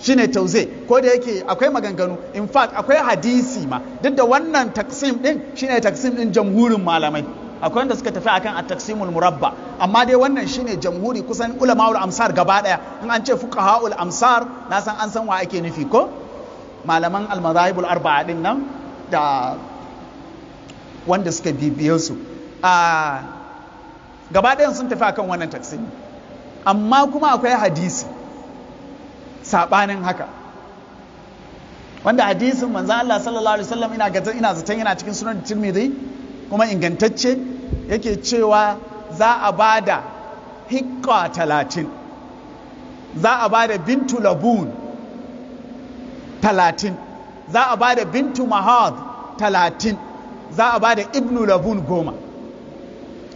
Shi ne tauze ko da yake akwai maganganu in fact akwai hadisi ma duk da wannan taksim ɗin, shi ne taksim ɗin jamhurin malamai akwai wanda suka tafi akan a taksimul murabba amma dai wannan shi ne jamhuri kusan ulamaul amsar gaba ɗaya in an ce fuqahaul amsar na san an san wa ake nufi ko malaman al-madhahibul arba'a din nan da wanda suka bibiye su ah, gaba ɗayan sun tafi akan wannan taksimi amma kuma akwai hadisi saɓanin haka wanda hadisin manzan Allah sallallahu alaihi wasallam ina gatan ina zaton yana cikin sunan Tirmidhi kuma ingantacce yake cewa za a bada hikka talatin za a bada bintu labun talatin za a bada bintu mahad talatin za a da ibnu labun goma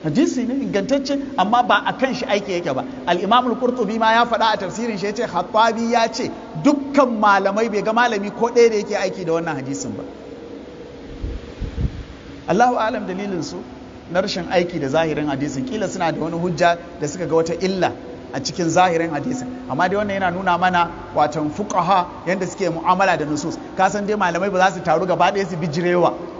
hadisi ne ingantacce amma ba a kan shi aiki yake ba al imamul qurtubi ma ya faɗa a tafsirin shi yace hattabi ya ce dukkan malamai bai ga malami ko ɗaya da yake aiki da wannan hadisin ba Allahu alam dalilin su na rashin aiki da zahirin hadisin kila suna da wani hujja da suka ga wata illa a cikin zahirin hadisin amma dai wannan yana nuna mana watan fuqaha yanda suke mu'amala da nusus kasan dai malamai ba za su taru gaba ɗaya su bijirewa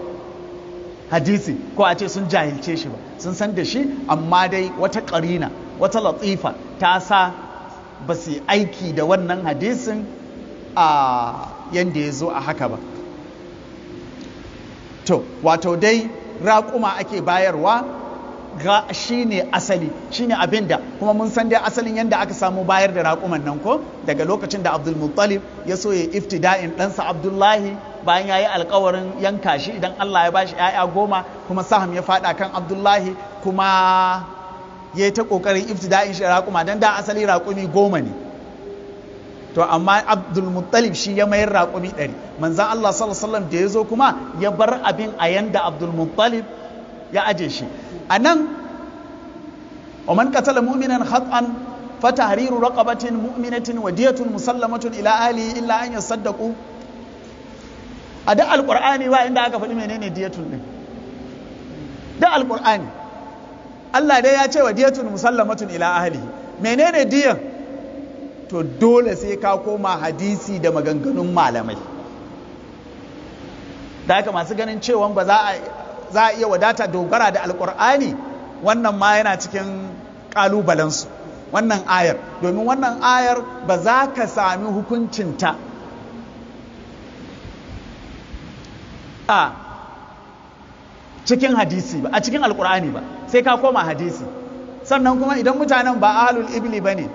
hadisi ko a ce sun jahilce shi ba sun san da shi amma dai wata ƙarina wata latifa ta sa ba su aiki da wannan hadisin a yadda ya zo a haka ba to wato dai raƙuma ake bayarwa ga shi ne asali shi ne abin da kuma mun san dai asalin yadda aka samu bayar da raƙuman nan ko daga lokacin da abdulmuttalib ya so ya iftida'in ɗansa abdullahi bayan ya yi alkawarin yanka shi idan Allah ya bashi ‘ya'ya goma kuma saham ya faɗa kan abdullahi kuma ya yi ta ƙoƙarin iftida'in shi raƙuma don da asali raƙumi goma ne to amma abdulmuttalib shi ya mayar raƙumi ɗari manzan Allah sallallahu da ya zo kuma ya bar abin a yanda abdulmuttalib ya aje shi a nan ومن قتل مؤمنا خطأ فتحرير رقبة مؤمنة ودية مسلمة إلى أهله إلا أن يصدقوا a da alƙur'ani ba inda aka faɗi menene diyatun din da alƙur'ani Allah dai ya ce wa diyatun musallamatun ila ahli menene diyan to dole sai ka koma hadisi da maganganun malamai da haka masu ganin cewa ba za a iya wadata dogara da alƙur'ani wannan ma yana cikin ƙalubalensu wannan ayar domin wannan ayar ba za ka sami hukuncinta a cikin hadisi ba a cikin alkur'ani ba sai ka koma hadisi sannan kuma idan mutanen ba ahlul ibli bane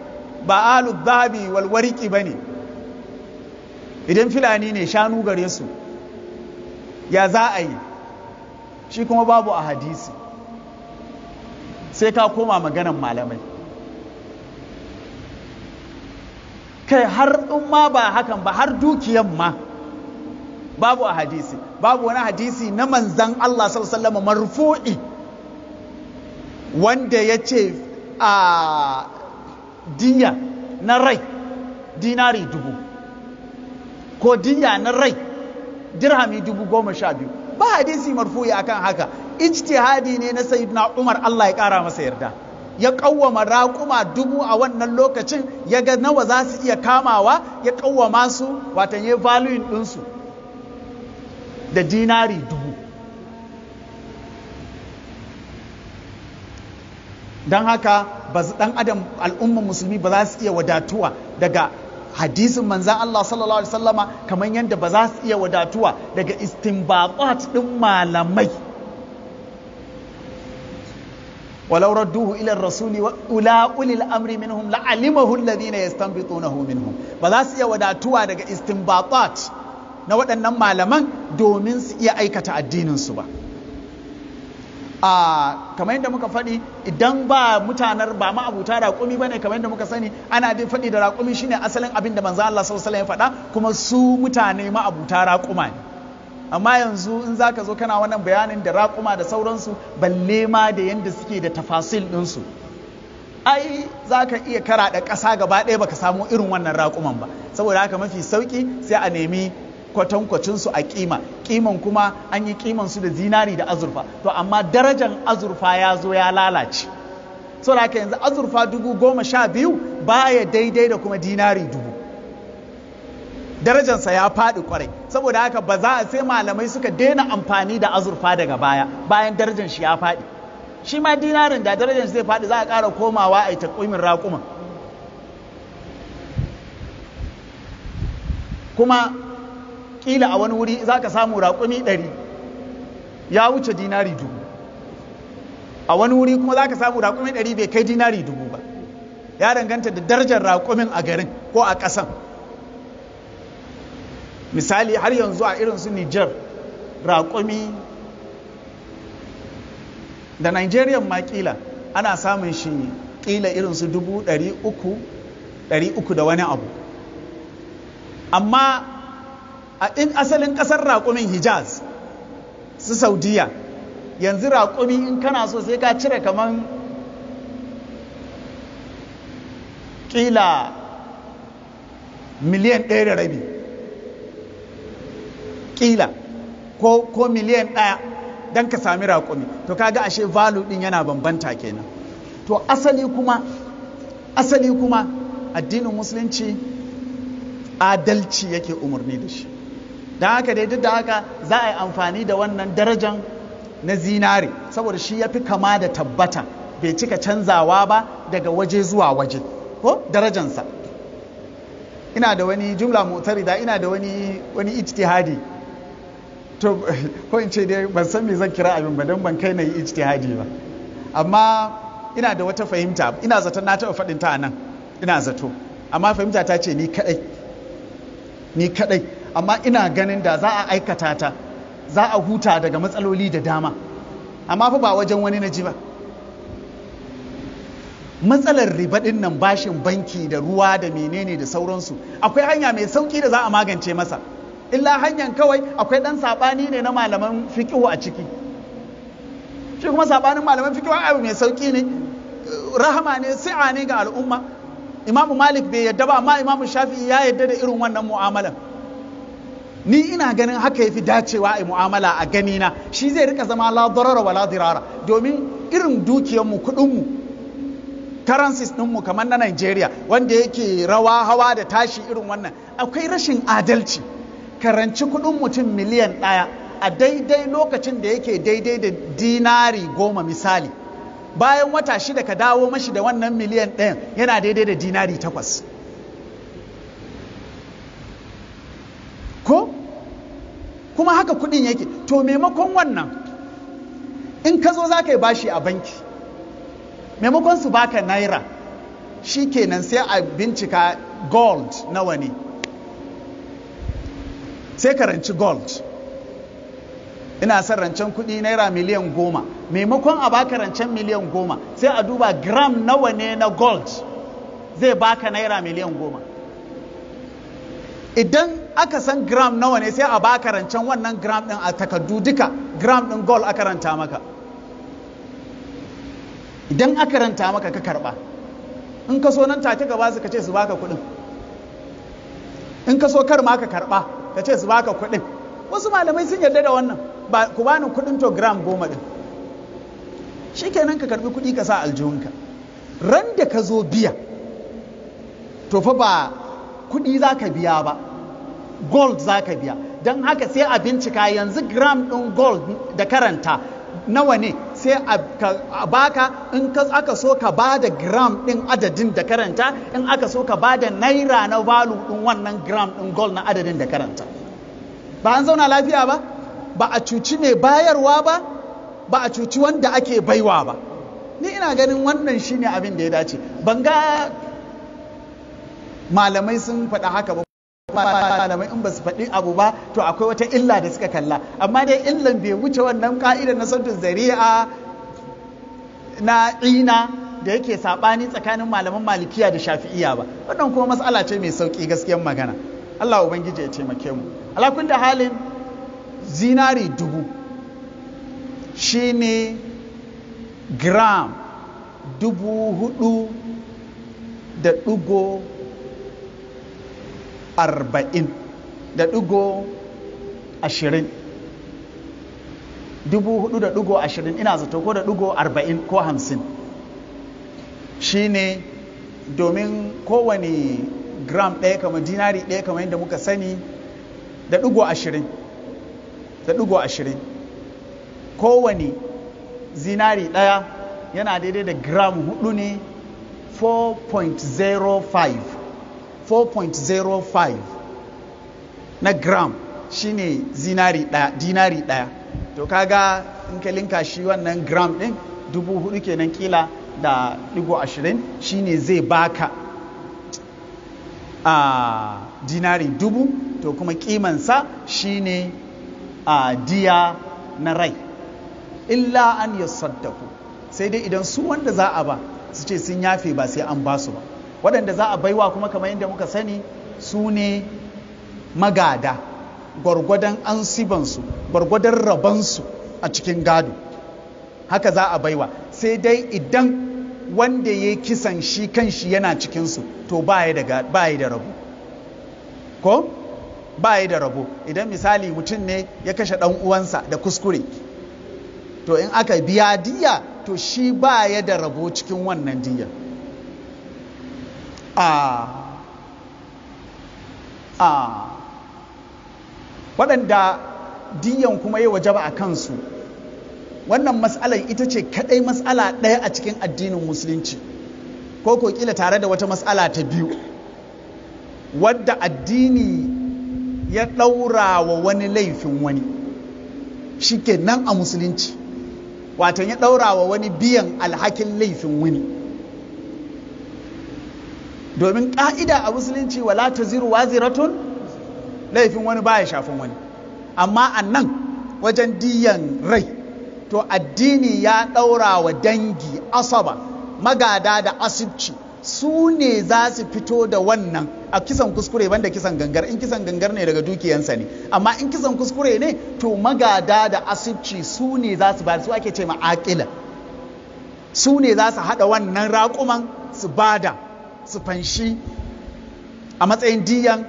ba ahlul zahabi wal ba bane idan filani ne shanu gare su ya za a yi shi kuma babu a hadisi sai ka koma maganan malamai kai har in ba hakan ba har dukiyan ma babu a hadisi babu wani hadisi na manzan Allah sallallahu marfu'i wanda ya ce a diya na rai dinari dubu ko diya na rai dirhami dubu goma sha biyu ba hadisi marfu'i akan haka ijtihadi ne na sayyidina Umar Allah ya kara masa yarda ya kawwama raƙuma dubu a wannan lokacin ya ga nawa za su iya kamawa ya kawwama su watan ya valuyin ɗinsu da dinari dubu don haka ba dan adam al'umman musulmi ba za su iya wadatuwa daga hadisin manzan Allah sallallahu alaihi wasallama kamar yadda ba za su iya wadatuwa daga istinbaqat din malamai ولو ردوه الى الرسول واولى اولي الامر منهم لعلمه الذين يستنبطونه منهم ba za iya wadatuwa daga na waɗannan malaman domin su iya aikata addininsu ba a kamar yadda muka faɗi idan ba mutanar ba ma abuta raƙumi ba ne kamar yadda muka sani ana bin faɗi da raƙumi shine asalin abin da manzo Allah sallallahu ya faɗa kuma su mutane ma abuta raƙuma ne amma yanzu in zaka zo kana wannan bayanin da raƙuma da sauransu balle ma da yanda suke da tafasil ɗinsu ai za iya kara da ƙasa gaba ɗaya baka samu irin wannan raƙuman ba saboda haka mafi sauƙi sai a nemi kwatankwacin su a kima kiman kuma an yi kiman su da zinari da azurfa to amma darajan azurfa ya zo ya lalace saboda haka yanzu azurfa dubu goma sha biyu baya daidai da kuma dinari dubu darajansa ya faɗi kwarai saboda haka ba za a sai malamai suka daina amfani da azurfa daga baya bayan darajan shi ya faɗi shi ma dinarin da darajan zai faɗi za a ƙara komawa a yi takwimin raƙuman kuma kila a wani wuri za ka samu raƙumi ɗari ya wuce dinari dubu a wani wuri kuma za ka samu raƙumi ɗari bai kai dinari dubu ba ya danganta da darajar raƙumin a garin ko a ƙasan misali har yanzu a irin su niger raƙumi da nigerian ma ƙila ana samun shi ƙila irin su dubu ɗari uku da wani abu amma a in asalin ƙasar raƙumin hijaz su saudiya yanzu raƙumi in kana so sai ka cire kamar ƙila miliyan ɗaya da rabi ƙila ko miliyan ɗaya don ka sami raƙumi to kaga ashe valu ɗin yana bambanta kenan to asali kuma asali kuma addinin musulunci adalci yake umarni da shi don haka dai duk da haka za a yi amfani da wannan darajan na zinare saboda shi ya fi kama da tabbata bai cika canzawa ba daga waje zuwa waje ko darajansa ina da wani jumla da, ina da wani wani ijtihadi to ko in ce dai ban san me zan kira abin ba don ban kai na yi ijtihadi ba amma ina da wata fahimta ina zato na taɓa faɗin ta nan ina zato amma fahimta ta ce ni kaɗai ni kaɗai amma ina ganin da za a aikata ta za a huta daga matsaloli da dama amma fa ba wajen wani na ji ba matsalar ribaɗin nan bashin banki da ruwa da menene da sauransu akwai hanya mai sauƙi da za a magance masa illa hanyar kawai akwai ɗan saɓani ne na malaman fikihu a ciki shi kuma sabanin malaman fikihu abu mai sauƙi ne rahama ne si'a ne ga al'umma imamu malik bai yadda ba amma imamu shafi'i ya yadda da irin wannan mu'amalan ni ina ganin haka ya fi dacewa a mu'amala a gani na shi zai rika zama ladarara wa ladarara. domin irin dukiyarmu kudinmu kuɗin dinmu currencies kamar na Nigeria wanda yake rawa hawa da tashi irin wannan akwai rashin adalci karanci kuɗin mutum miliyan ɗaya a daidai lokacin da yake daidai da dinari goma misali bayan wata shida ka dawo mashi da wannan miliyan ɗayan yana daidai da dinari takwas ko kuma haka kudin yake to maimakon wannan in ka zo za ka yi bashi a banki maimakon su baka naira shi kenan sai a bincika gold nawa ne sai ka ranci gold ina son rancen kuɗi naira miliyan goma maimakon a baka rancen miliyan goma sai a duba gram nawa ne na gold zai baka naira miliyan goma idan aka san gram nawa ne sai a baka rancen wannan gram din a takardu duka gram din gold aka ranta maka idan aka ranta maka ka karba in ka so nan take gaba su ka ce su baka kuɗin in ka so kar ma ka karba ka ce su baka kuɗin wasu malamai sun yarda da wannan ba ku bani kuɗin to gram goma din shikenan ka karbi kuɗi ka sa aljihunka ran da ka zo biya to fa ba kuɗi za ka biya ba gold za ka biya don haka sai a bincika yanzu gram ɗin gold da karanta nawa ne sai a baka in aka so ka ba da gram ɗin adadin da karanta in aka so ka ba da naira na valu ɗin wannan gram ɗin gold na adadin da karanta ba an zauna lafiya ba ba a cuci mai bayarwa ba ba a cuci wanda ake baiwa ba ni ina ganin wannan shine abin da ya dace ban ga malamai sun faɗa haka ba malamai in ba su faɗi abu ba to akwai wata illa da suka kalla amma dai illan bai wuce wannan ka'idar na sautin zari'a na ina da yake saɓani tsakanin malaman malikiya da shafi'iya ba wannan kuma matsala ce mai sauƙi gaskiyar magana Allah ubangiji ya taimake mu alakun da halin zinari dubu shine gram dubu hudu da ɗugo arba'in da ɗigo ashirin dubu hudu da ɗigo ashirin ina zato ko da ɗigo arba'in ko hamsin shi ne domin kowane gram ɗaya kamar dinari ɗaya kamar yadda muka sani da ɗigo ashirin da ɗigo ashirin kowane zinari ɗaya yana daidai da gram hudu ne 4.05 4.05 na gram shine zinari ɗaya dinari ɗaya to kaga in ka linka shi wannan gram ɗin dubu hudu kenan kila da digo ashirin shine zai baka a ah, dinari dubu to kuma kimansa shine a ah, diya na rai illa an ya saddaku sai dai idan su wanda za a ba su ce sun yafe ba sai an ba su ba waɗanda za a baiwa kuma kamar yadda muka sani su ne magada gwargwadon ansibansu gwargwadon rabansu a cikin gado haka za a baiwa sai dai idan wanda ya yi kisan shi kan shi yana cikinsu to ba ya da rabo ko ba ya da rabo idan misali mutum ne ya kashe ɗan uwansa da kuskure to in aka biya diya to shi ba ya da rabo cikin wannan diyar a a waɗanda diyan kuma yi wajaba a kansu wannan matsalar ita ce kaɗai matsala ɗaya a cikin addinin musulunci ko ko kila tare da wata matsala ta biyu wadda addini ya ɗaura wa wani laifin wani shi nan a musulunci watan ya ɗaura wa wani biyan alhakin laifin wani domin ƙa'ida a musulunci wala ta ziru ziratun laifin wani baya shafin wani amma a nan wajen diyan rai to addini ya ɗaura wa dangi asaba magada da asibci su ne za su fito da wannan a kisan kuskure banda kisan gangar in kisan gangar ne daga dukiyansa ne amma in kisan kuskure ne to magada da asibci su ne za su bada su ake ce ma'aƙila su ne za su haɗa wannan raƙuman su bada su fanshi a matsayin diyan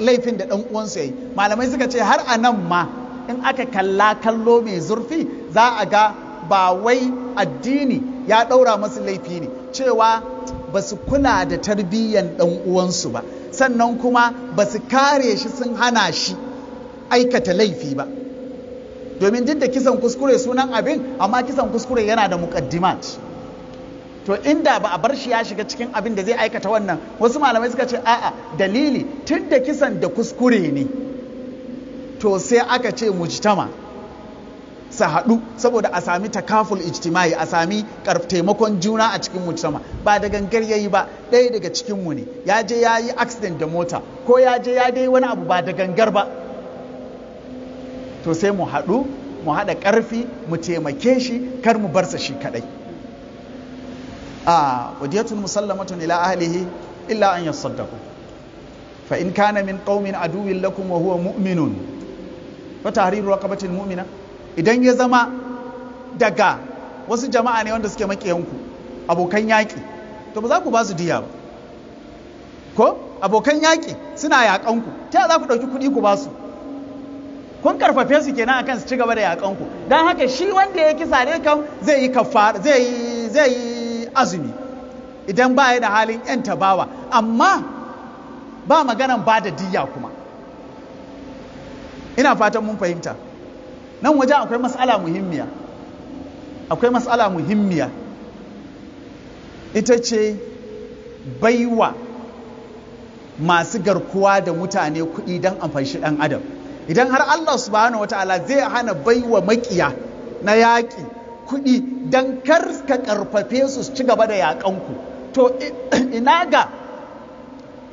laifin da ɗan uwansu ya yi malamai suka ce har a nan ma in aka kalla kallo mai zurfi za a ga ba wai addini ya ɗaura masu laifi ne cewa ba su kula da tarbiyyan ɗan uwansu ba sannan kuma ba su kare shi sun hana shi aikata laifi ba domin duk da kisan kuskure sunan abin amma kisan kuskure yana da muƙaddimat. to inda ba a bar shi ya shiga cikin abin da zai aikata wannan wasu malamai suka ce a'a dalili tun da kisan da kuskure ne to sai aka ce mujtama su haɗu saboda a sami takaful ijtimai a sami taimakon juna a cikin mujtama ba da gangar yayi ba ɗaya daga cikinmu ne ya je ya yi accident da mota ko ya je ya dai wani abu ba da gangar ba to sai mu haɗu mu haɗa ƙarfi mu taimake shi kar mu barsa shi kaɗai a ah, wadiyatul musallamatun ila ahlihi illa an yasaddaku fa in kana min qaumin aduwwin lakum wa huwa mu'minun fa tahriru raqabatil mu'mina idan ya zama daga wasu jama'a ne wanda suke makiyanku abokan yaƙi to ba za ku ba su diya ba ko abokan yaƙi suna ku, ta za ku ɗauki kuɗi ku ba su kun karfafe su kenan akan su ci gaba da ku. dan haka shi wanda ya kisa ne kan zai yi kafara zai yi zai yi azumi idan ba ya da halin yan tabawa amma ba maganan ba da diya kuma ina fatan mun fahimta nan wajen akwai matsala muhimmiya akwai matsala muhimmiya ita ce baiwa masu garkuwa da mutane kuɗi don amfanshi ɗan adam idan har allah subhanahu wa ta'ala zai hana baiwa makiya na yaƙi kuɗi don kar ka karfafe su ci gaba da yaƙanku to ina ga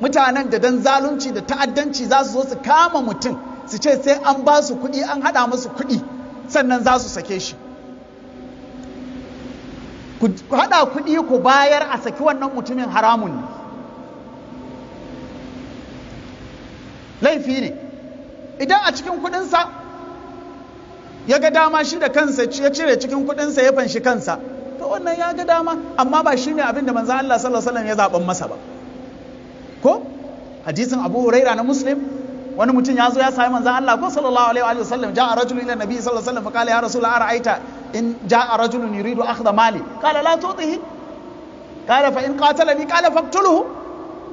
mutanen da don zalunci da ta'addanci za su zo su kama mutum su ce sai an ba su kuɗi an haɗa musu kuɗi sannan za su sake shi ku haɗa kuɗi ku bayar a saki wannan mutumin haramun ne laifi ne idan a cikin kuɗinsa ya ga dama shi da kansa ya cire cikin kuɗinsa ya fanshi kansa to wannan ya ga dama amma ba shi ne abin da manzo Allah sallallahu alaihi wasallam ya zaben masa ba ko hadisin Abu Huraira na Muslim wani mutum ya zo ya sami manzo Allah ko sallallahu alaihi wasallam ja'a rajulun ila nabi sallallahu alaihi wasallam fa qala ya rasul ara'aita in ja'a rajulun yuridu akhdha mali qala la tu'tihi qala fa in qatalani qala faqtuluhu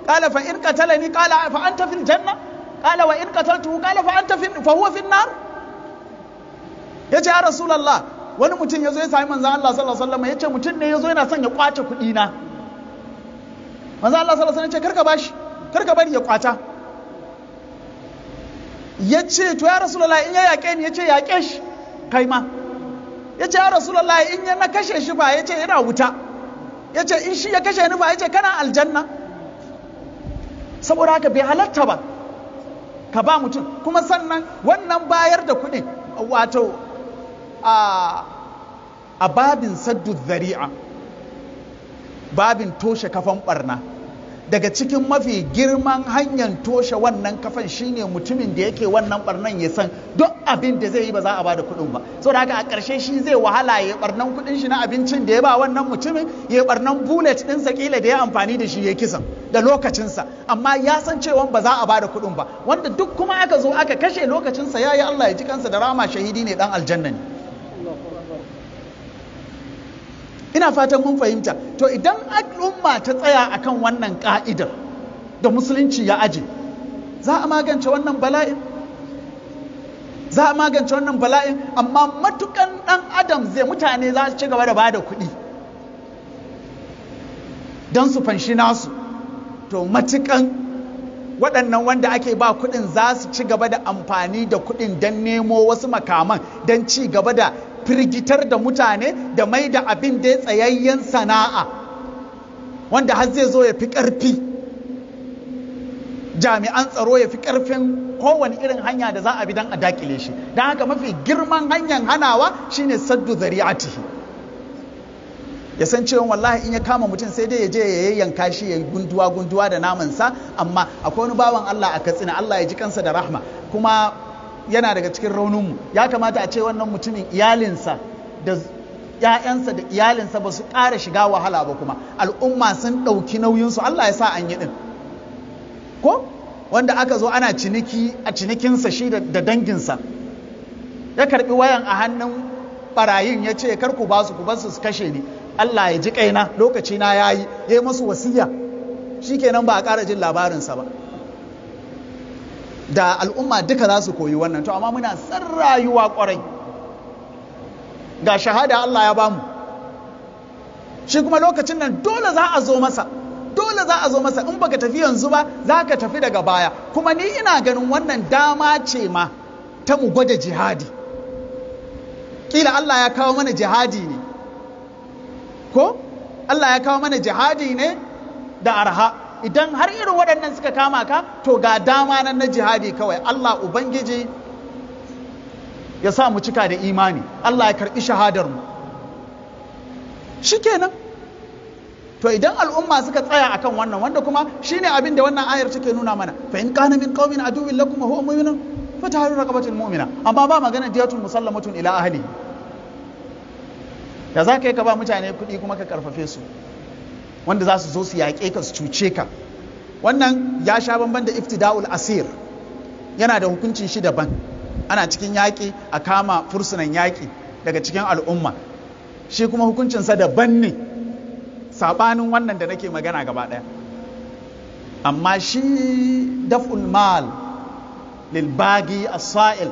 qala fa in qatalani qala fa anta fil janna qala wa in qataltuhu qala fa anta fa huwa fi an-nar ya ce ya rasulallah wani mutum ya zo ya sami manzan Allah sallallahu alaihi wasallam ya ce mutum ne ya zo yana son ya kwace kuɗi na manzan Allah sallallahu alaihi wasallam ya ce karka bashi karka bari ya kwata ya ce to ya rasulallah in ya yaƙe ni ya ce yaƙe shi kai ma ya ce ya rasulallah in ya na kashe shi ba ya ce yana wuta ya ce in shi ya kashe ni ba ya ce kana aljanna saboda haka bai halatta ba ka ba mutum kuma sannan wannan bayar da kuɗin wato a babin saddu zari'a babin toshe kafan barna daga cikin mafi girman hanyar toshe wannan kafan shine mutumin da yake wannan barnan ya san duk abin da zai yi ba za a bada kuɗin ba da haka a ƙarshe shi zai wahala ya barnan kuɗin shi na abincin da ya ba wannan mutumin ya barnan bullet ɗinsa kila da ya amfani da shi ya kisan da lokacinsa amma ya san cewa ba za a bada kuɗin ba wanda duk kuma aka zo aka kashe lokacinsa ya yi Allah ya ji kansa da rama shahidi ne dan aljanna ne ina fatan mun fahimta to idan al'umma ta tsaya akan wannan ka'idar da musulunci ya aje za a magance wannan bala'in za a magance wannan bala'in amma matukan dan adam zai mutane za su ci gaba da bada kuɗi don su fanshi nasu to matukan waɗannan wanda ake ba kuɗin za su ci gaba da amfani da kuɗin don nemo wasu makaman don ci gaba da firgitar da mutane da mai da abin da ya tsayayyen sana'a wanda har zai zo ya fi ƙarfi jami'an tsaro ya fi ƙarfin kowane irin hanya da za a bi don a dakile shi don haka mafi girman hanyar hanawa shine saddu zari'atihi ya san cewa wallahi in ya kama mutum sai dai ya je ya yayyanka shi ya gunduwa gunduwa da namansa amma akwai wani bawan Allah a katsina Allah ya ji kansa da rahma kuma yana daga cikin rauninmu ya kamata a ce wannan mutumin iyalinsa da ‘ya'yansa da iyalinsa ba su ƙara shiga wahala ba kuma al'umma sun ɗauki nauyinsu Allah ya sa an yi ɗin ko wanda aka zo ana ciniki a cinikinsa shi da danginsa ya karɓi wayan a hannun barayin ya ce kar ku ba su ku bar su kashe ni Allah ya ji kaina lokaci na ya yi masu wasiya kenan ba a ƙara jin labarinsa ba da al'umma duka za su koyi wannan to amma muna san rayuwa kwarai ga shahada Allah ya bamu shi kuma lokacin nan dole za a zo masa dole za a zo masa in baka tafi yanzu ba za ka tafi daga baya kuma ni ina ganin wannan dama ce ma ta mu gwada jihadi kila Allah ya kawo mana jihadi ne ko Allah ya kawo mana jihadi ne da arha idan har irin waɗannan suka kama ka to ga dama nan na jihadi kawai Allah ubangiji ya sa mu cika da imani Allah ya karɓi shahadar mu shikenan to idan al'umma suka tsaya akan wannan wanda kuma shine abin da wannan ayar take nuna mana fa in kana min qaumin aduwwin lakum wa huwa mu'minun fataharu raqabatil mu'mina amma ba magana diyatun musallamatun ila ahli ya zaka yi ka ba mutane kuɗi kuma ka karfafe su wanda za su zo su yaƙe ka su cuce ka wannan ya sha bamban da iftida'ul asir yana da hukuncin shi daban ana cikin yaƙi a kama fursunan yaƙi daga cikin al'umma shi kuma hukuncinsa daban ne saɓanin wannan da nake magana gaba ɗaya amma shi daf'ul mal lil bagi as-sa'il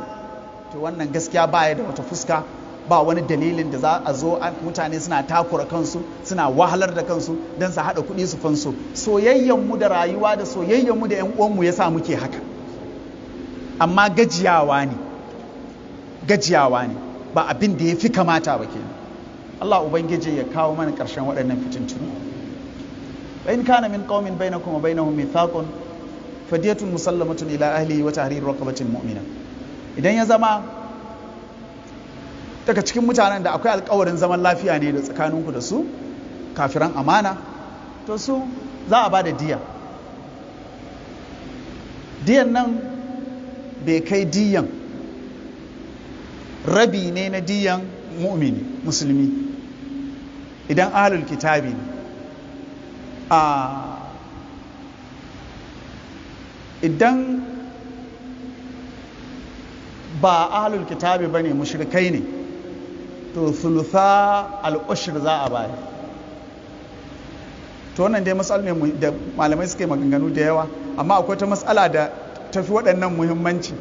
to wannan gaskiya baya da wata fuska ba wani dalilin da za a zo mutane suna takura kansu suna wahalar da kansu don su haɗa kuɗi su fanso Soyayyenmu da rayuwa da soyayyenmu da 'yan uwanmu ya sa muke haka amma gajiyawa ne gajiyawa ne ba abin da ya fi kamata ba kenan Allah ubangiji ya kawo mana ƙarshen waɗannan fitintunu in kana min qaumin bainakum wa bainahum mithaqun fadiyatun musallamatun ila wa raqabatin mu'mina idan ya zama daga cikin mutanen da akwai alkawarin zaman lafiya ne da tsakaninku da su kafiran amana to su za a ba da diya diyan nan bai kai diyan rabi ne na diyan mu'mini musulmi idan ahalul kitabi ne a idan ba ahalul kitabi bane mashirkai ne to sulusa al'ushir za a bayar to wannan dai matsala ne da malamai suke maganganu da yawa amma akwai ta matsala da tafi waɗannan muhimmanci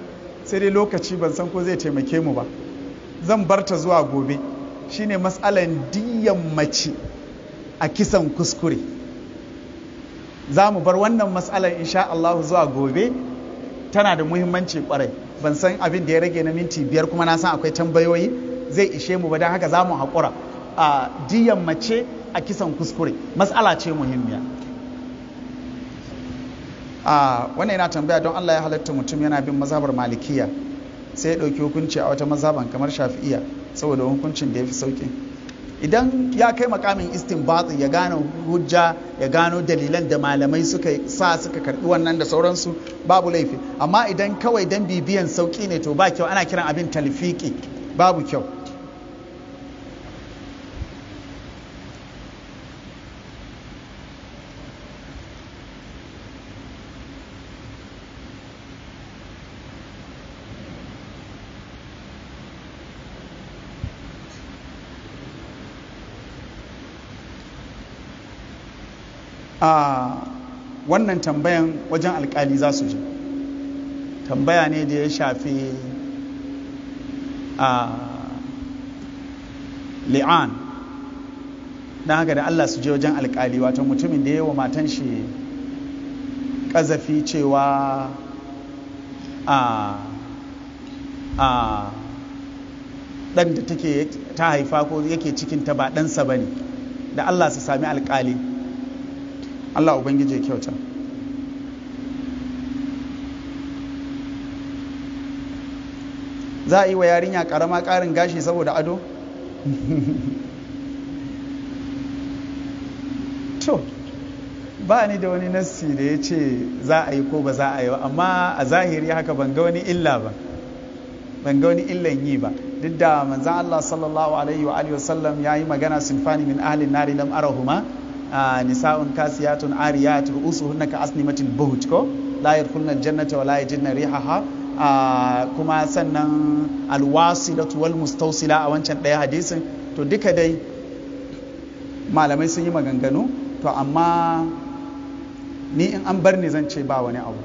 sai dai lokaci ban san ko zai taimake mu ba zan barta zuwa gobe shine matsalan diyan mace a kisan kuskure za mu bar wannan matsalar insha Allah zuwa gobe tana da muhimmanci kwarai ban san abin da ya rage na minti biyar kuma na san akwai tambayoyi zai ishe mu ba don haka za mu haƙura a diyan mace a kisan kuskure matsala ce muhimmiya a wannan yana tambaya don Allah ya halatta mutum yana bin mazhabar malikiya sai ya ɗauki hukunci a wata mazhaban kamar shafi'iya saboda hukuncin da ya fi sauƙi idan ya kai makamin istin batsi ya gano hujja ya gano dalilan da malamai suka sa suka karɓi wannan da sauransu babu laifi amma idan kawai dan bibiyan sauƙi ne to ba kyau ana kiran abin talfiki babu kyau a wannan tambayan wajen alkali za su je tambaya ne da ya shafi a li'an don haka da allah su je wajen alkali wato mutumin da ya wa matan shi kazafi cewa a a ɗan da ta haifa ko yake cikinta ba ɗansa ba ne da allah su sami alkali Allah ubangiji ya kyauta za a yi wa yarinya karama ƙarin gashi saboda ado to ba ni da wani nassi da ya ce za a yi ko ba za a yi ba amma a zahiri haka ban ga wani illa ba ban ga wani illan yi ba duk da manzan Allah sallallahu alaihi wa ya yi magana sinfani min ahlin nari lam arahuma nisa'un kasiyatun ariyat ru'usuhunna ka asnimatin buhut ko la yadkhuluna aljannata wa la yajidna rihaha kuma sannan alwasilatu wal mustawsila a wancan daya hadisin to duka dai malamai sun yi maganganu to amma ni in an bar ni zan ce ba wani abu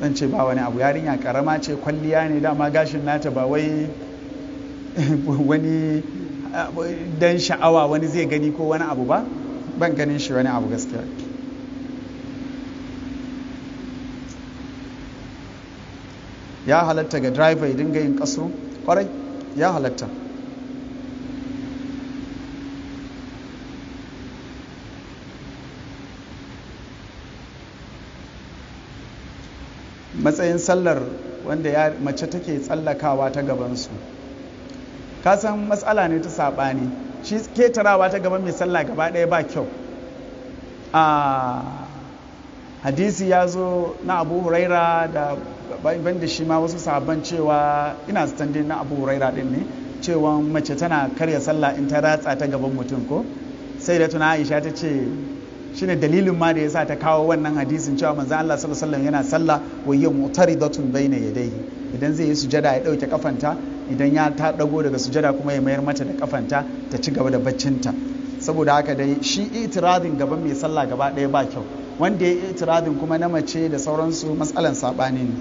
zan ce ba wani abu yarinya karama ce kwalliya ne dama gashin nata ba wai wani dan sha'awa wani zai gani ko wani abu ba ban ganin shi wani abu gaskiya ya halatta ga driver ya dinga yin kaso kwarai ya halatta matsayin sallar wanda ya mace take tsallakawa ta gabansu kasan matsala ne ta saɓani shi ketarawa ta gaban mai sallah gaba ɗaya ba kyau a ah, hadisi ya zo na abu huraira da ban da shi ma wasu sabon cewa ina standin na abu huraira din ne cewa mace tana karya sallah in ta ratsa ta gaban mutum ko sai da tuna aisha ta ce shine dalilin ma da yasa ta kawo wannan hadisin cewa manzo Allah sallallahu alaihi wasallam yana sallah wa yawm bayna yadayhi idan zai yi sujada ya dauke kafanta idan ya ta ɗago daga sujada kuma ya mayar mata da kafanta ta ci gaba da baccinta saboda haka dai shi itirazin gaban mai sallah gaba ɗaya ba kyau wanda ya itirazin kuma na mace da sauransu matsalan saɓani ne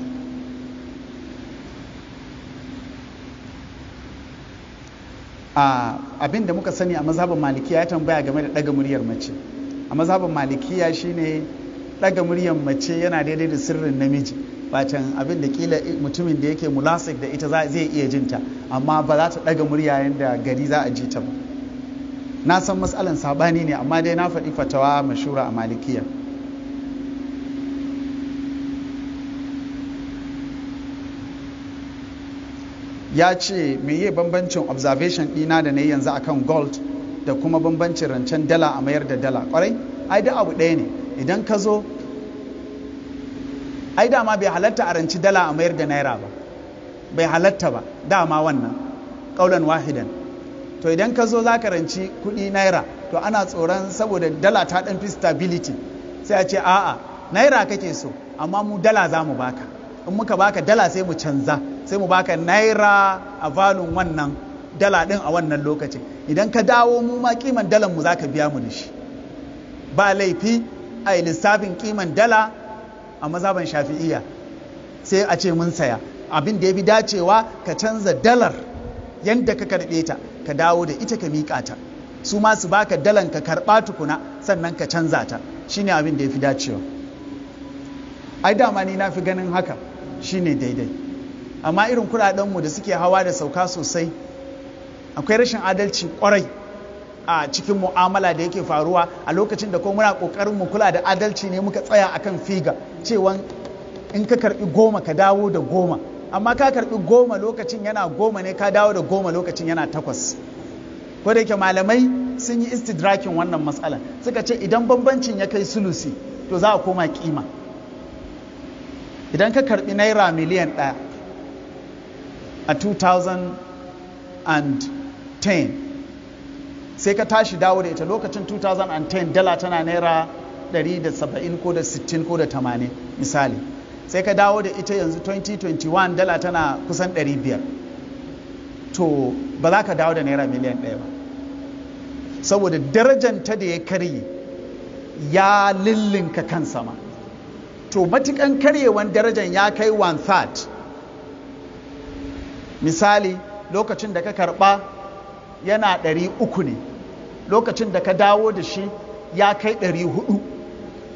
abin da muka sani a mazhabin malikiya ya tambaya game da ɗaga muryar mace a mazhabin malikiya shine ɗaga muryar mace yana daidai da sirrin namiji bacin abin da kila mutumin da yake mulasik da ita zai iya jinta amma ba za ta ɗaga murya yadda gari za a ji ta ba na san matsalan sabani ne amma dai na faɗi fatawa mashura a malikiya ya ce meye bambancin observation ɗina da na yanzu akan gold da kuma bambancin rancen dala a mayar da dala kwarai ai da abu ɗaya ne idan ka zo ai dama bai halatta a ranci dala a mayar da naira ba bai halatta ba dama wannan Ƙaulan wahidan to idan ka zo za ka ranci kuɗi naira to ana tsoron saboda dala ta ɗan fi stability sai a ce a'a naira kake so amma mu dala za mu baka in muka baka dala sai mu canza sai mu baka naira a valun wannan dala ɗin a wannan lokacin idan ka dawo mu ma kiman dalan mu za ka biya mu da shi ba laifi a lissafin kiman dala a mazaban shafi'iyya sai a ce mun saya abin da ya bi dacewa ka canza dalar yadda ka karɓe ta ka dawo da ita ka miƙa ta su ma su baka dalan ka karɓa tukuna sannan ka canza ta shine abin da ya fi dacewa ai dama ni na fi ganin haka shine daidai amma irin kuɗaɗenmu da suke hawa da sauka sosai akwai rashin adalci ƙwarai a cikin mu'amala da yake faruwa a lokacin da ko muna kokarin mu kula da adalci ne muka tsaya akan figa cewa in ka karbi goma ka dawo da goma amma ka karbi goma lokacin yana goma ne ka dawo da goma lokacin yana takwas ko da yake malamai sun yi istidrakin wannan matsala suka ce idan bambancin ya kai sulusi to za a koma kima idan ka karbi naira miliyan ɗaya a 2010 sai ka tashi dawo da ita lokacin 2010 dala tana naira 170 ko da 60 ko da 80 misali sai ka dawo da ita yanzu 2021 dala tana kusan 500 to ba za ka dawo da naira miliyan ɗaya ba saboda darajanta da ya karye ya lillinka kan sama to matukan karyewan darajan ya kai one third misali lokacin da ka karba yana ɗari uku ne lokacin da ka dawo da shi ya kai 400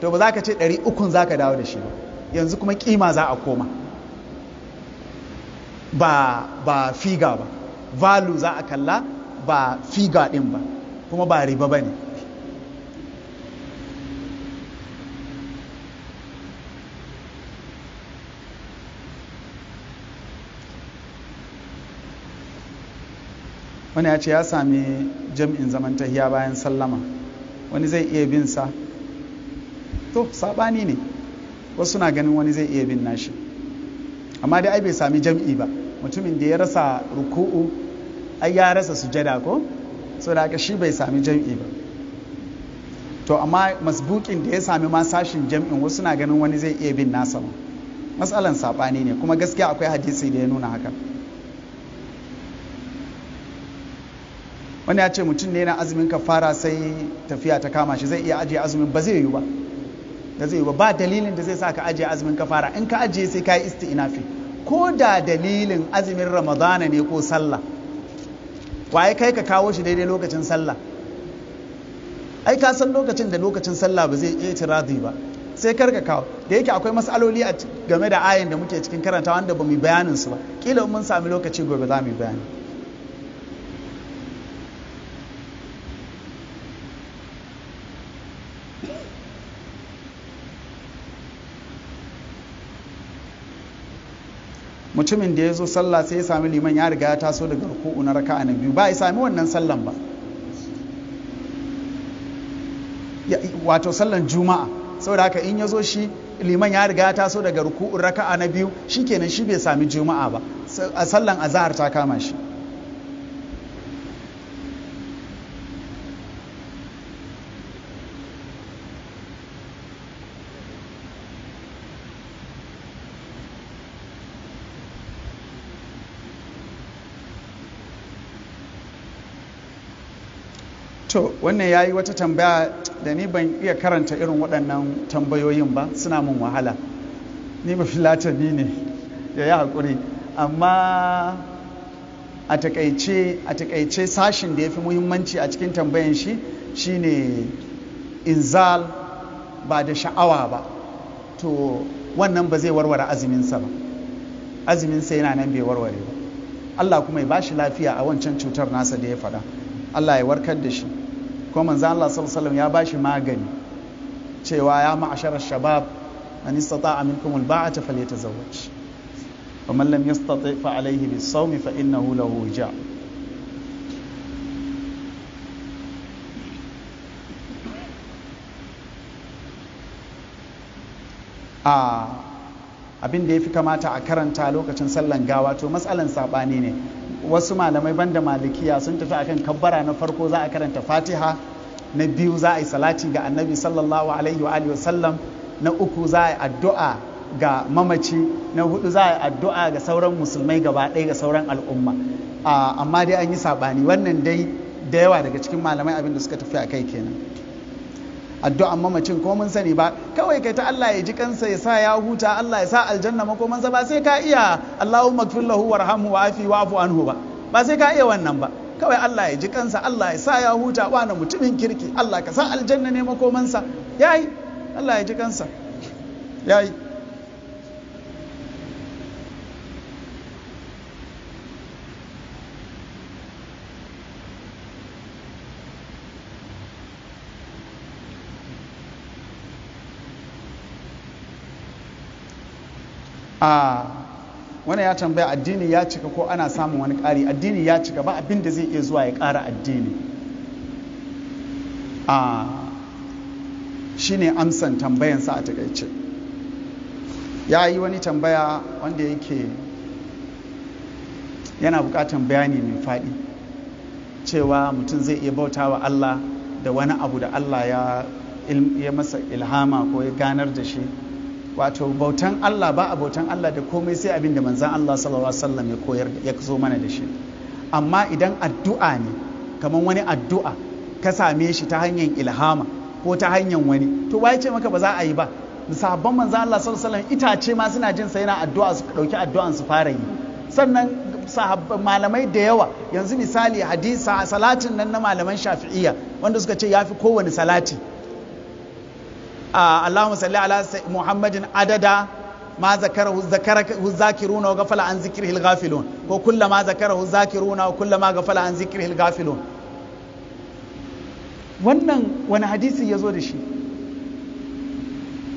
to ba za ka ce 300 za ka dawo da shi ba yanzu kuma kima za a koma ba ba figa ba value za a kalla ba figa din ba kuma ba riba ba ne wani ya ce ya sami jam'in zaman tahiya bayan sallama wani zai iya bin sa to sabani ne wasu na ganin wani zai iya bin nashi amma dai ai bai sami jam'i ba mutumin da ya rasa ruku'u ai ya rasa sujada ko so da haka shi bai sami jam'i ba to amma masbukin da ya sami ma sashin jam'in wasu na ganin wani zai iya bin nasa ba matsalan saɓani ne kuma gaskiya akwai hadisi da ya nuna haka wani ya ce mutum ne yana azumin kafara sai tafiya ta kama shi zai iya ajiye azumin ba zai yi ba da zai yi ba dalilin da zai sa ka ajiye azumin kafara in ka ajiye sai ka yi isti'nafi ko da dalilin azumin ramadana ne ko sallah waye kai ka kawo shi daidai lokacin sallah ai ka san lokacin da lokacin sallah ba zai iya tiradi ba sai karka kawo da yake akwai matsaloli a game da ayin da muke cikin karanta wanda ba mu bayanin su ba kila mun sami lokaci gobe za mu bayani mutumin da ya zo sallah sai ya sami liman ya riga ya taso daga ruku'u na raka'a na biyu ba ya sami wannan sallan ba wato sallan juma'a saboda haka in ya zo shi liman ya riga ya taso daga ruku'u raka'a na biyu shikenan shi bai sami juma'a ba a sallan azahar ta kama shi to wannan ya yi wata tambaya da ni ban iya karanta irin waɗannan tambayoyin ba suna mun wahala ni ba filatani ne ya yi haƙuri amma a takaice sashin da ya fi muhimmanci a cikin tambayan shi shine inzal ba da sha'awa ba to wannan ba zai warware azuminsa ba azuminsa yana nan bai warware ba Allah kuma ya bashi lafiya a wancan cutar nasa da ya faɗa Allah ya warkar da shi ko manzo Allah sallallahu alaihi wasallam ya bashi magani cewa ya ma'ashar shabab an istata'a minkum alba'ata falyatazawwaj wa man lam yastati' fa alayhi bis-sawm fa innahu lahu wija' a abin da yafi kamata a karanta lokacin sallan gawa to matsalan sabani ne wasu malamai banda malikiya sun tafi akan kabbara na farko za a karanta fatiha na biyu za a yi salati ga annabi sallallahu alaihi wa sallam na uku za a yi addu'a ga mamaci na hudu za a yi addu'a ga sauran musulmai gaba ɗaya ga sauran al'umma ah, amma dai an yi saɓani wannan dai da yawa daga cikin malamai abin da suka tafi a kai kenan addu'an mamacin ko mun sani ba kawai kai ta Allah ya ji kansa ya sa ya huta Allah ya sa aljanna makomansa ba sai ka iya Allahumma ighfir lahu warhamhu wa'afi wa'fu anhu ba ba sai ka iya wannan ba kawai Allah ya ji kansa Allah ya sa ya huta wani mutumin kirki Allah ka sa aljanna ne makomansa yayi Allah ya ji kansa yayi a wani ya tambaya addini ya cika ko ana samun wani ƙari addini ya cika ba abin da zai iya zuwa ya ƙara addini a shi amsan tambayansa a takaice ya yi wani tambaya wanda yake yana bukatan bayani mai faɗi cewa mutum zai iya bauta wa Allah da wani abu da Allah ya masa ilhama ko ya ganar da shi wato bautan Allah ba a bautan Allah da komai sai abin da manzan Allah sallallahu alaihi wasallam ya koyar ya zo mana da shi amma idan addu'a ne kamar wani addu'a ka same shi ta hanyar ilhama ko ta hanyar wani to wai ce maka ba za a yi ba sahabban manzan Allah sallallahu wasallam itace ma suna jin sa yana addu'a su dauki addu'an su fara yi sannan malamai da yawa yanzu misali hadisa salatin nan na malaman shafi'iyya wanda suka ce ya fi kowane salati Allahumma salli ala Muhammadin adada ma zakarahu zakarahu zakiruna wa ghafala an zikrihil ghafilun ko kullama zakarahu zakiruna wa kullama ghafala an zikrihil wannan wani hadisi ya zo da shi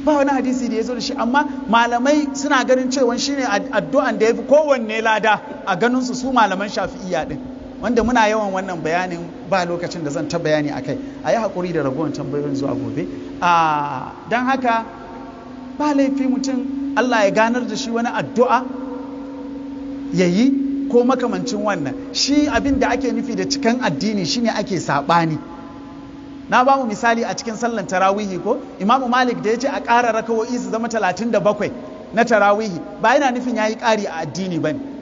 ba wani hadisi da ya zo da shi amma malamai suna ganin cewa shine addu'an da ya fi kowanne lada a ganin su su malaman shafi'iyya din wanda muna yawan wannan bayanin ba lokacin da zan ta bayani a kai a yi haƙuri da ragowar tambayoyin zuwa gobe a don haka ba laifi mutum allah ya ganar da shi wani addu'a ya yi ko makamancin wannan shi abin da ake nufi da cikan addini shine ake saɓani na ba mu misali a cikin sallan tarawihi ko imamu malik da ya ce a ƙara rakawo su zama 37 na tarawihi ba yana nufin ya yi ƙari a addini ba ne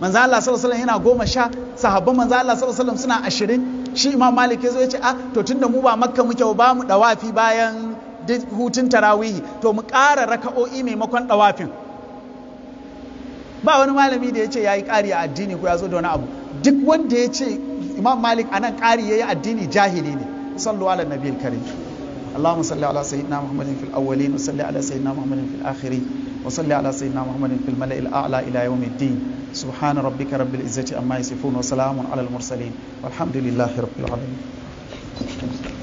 manzo Allah sallallahu alaihi yana goma sha sahabban manzo Allah sallallahu alaihi suna ashirin shi imam malik yazo yace a ah, to tunda mu ba makka muke ba mu dawafi bayan hutun tarawihi to mu ƙara raka'o'i maimakon dawafin ba wani malami da ya ce ya yi ƙari a addini ko yazo da wani abu duk wanda ya ce imam malik anan ƙari yayi addini jahili ne sallu ala nabiyil karim اللهم صل على سيدنا محمد في الأولين وصل على سيدنا محمد في الآخرين وصل على سيدنا محمد في الملأ الأعلى إلى يوم الدين سبحان ربك رب العزة أما يصفون وسلام على المرسلين والحمد لله رب
العالمين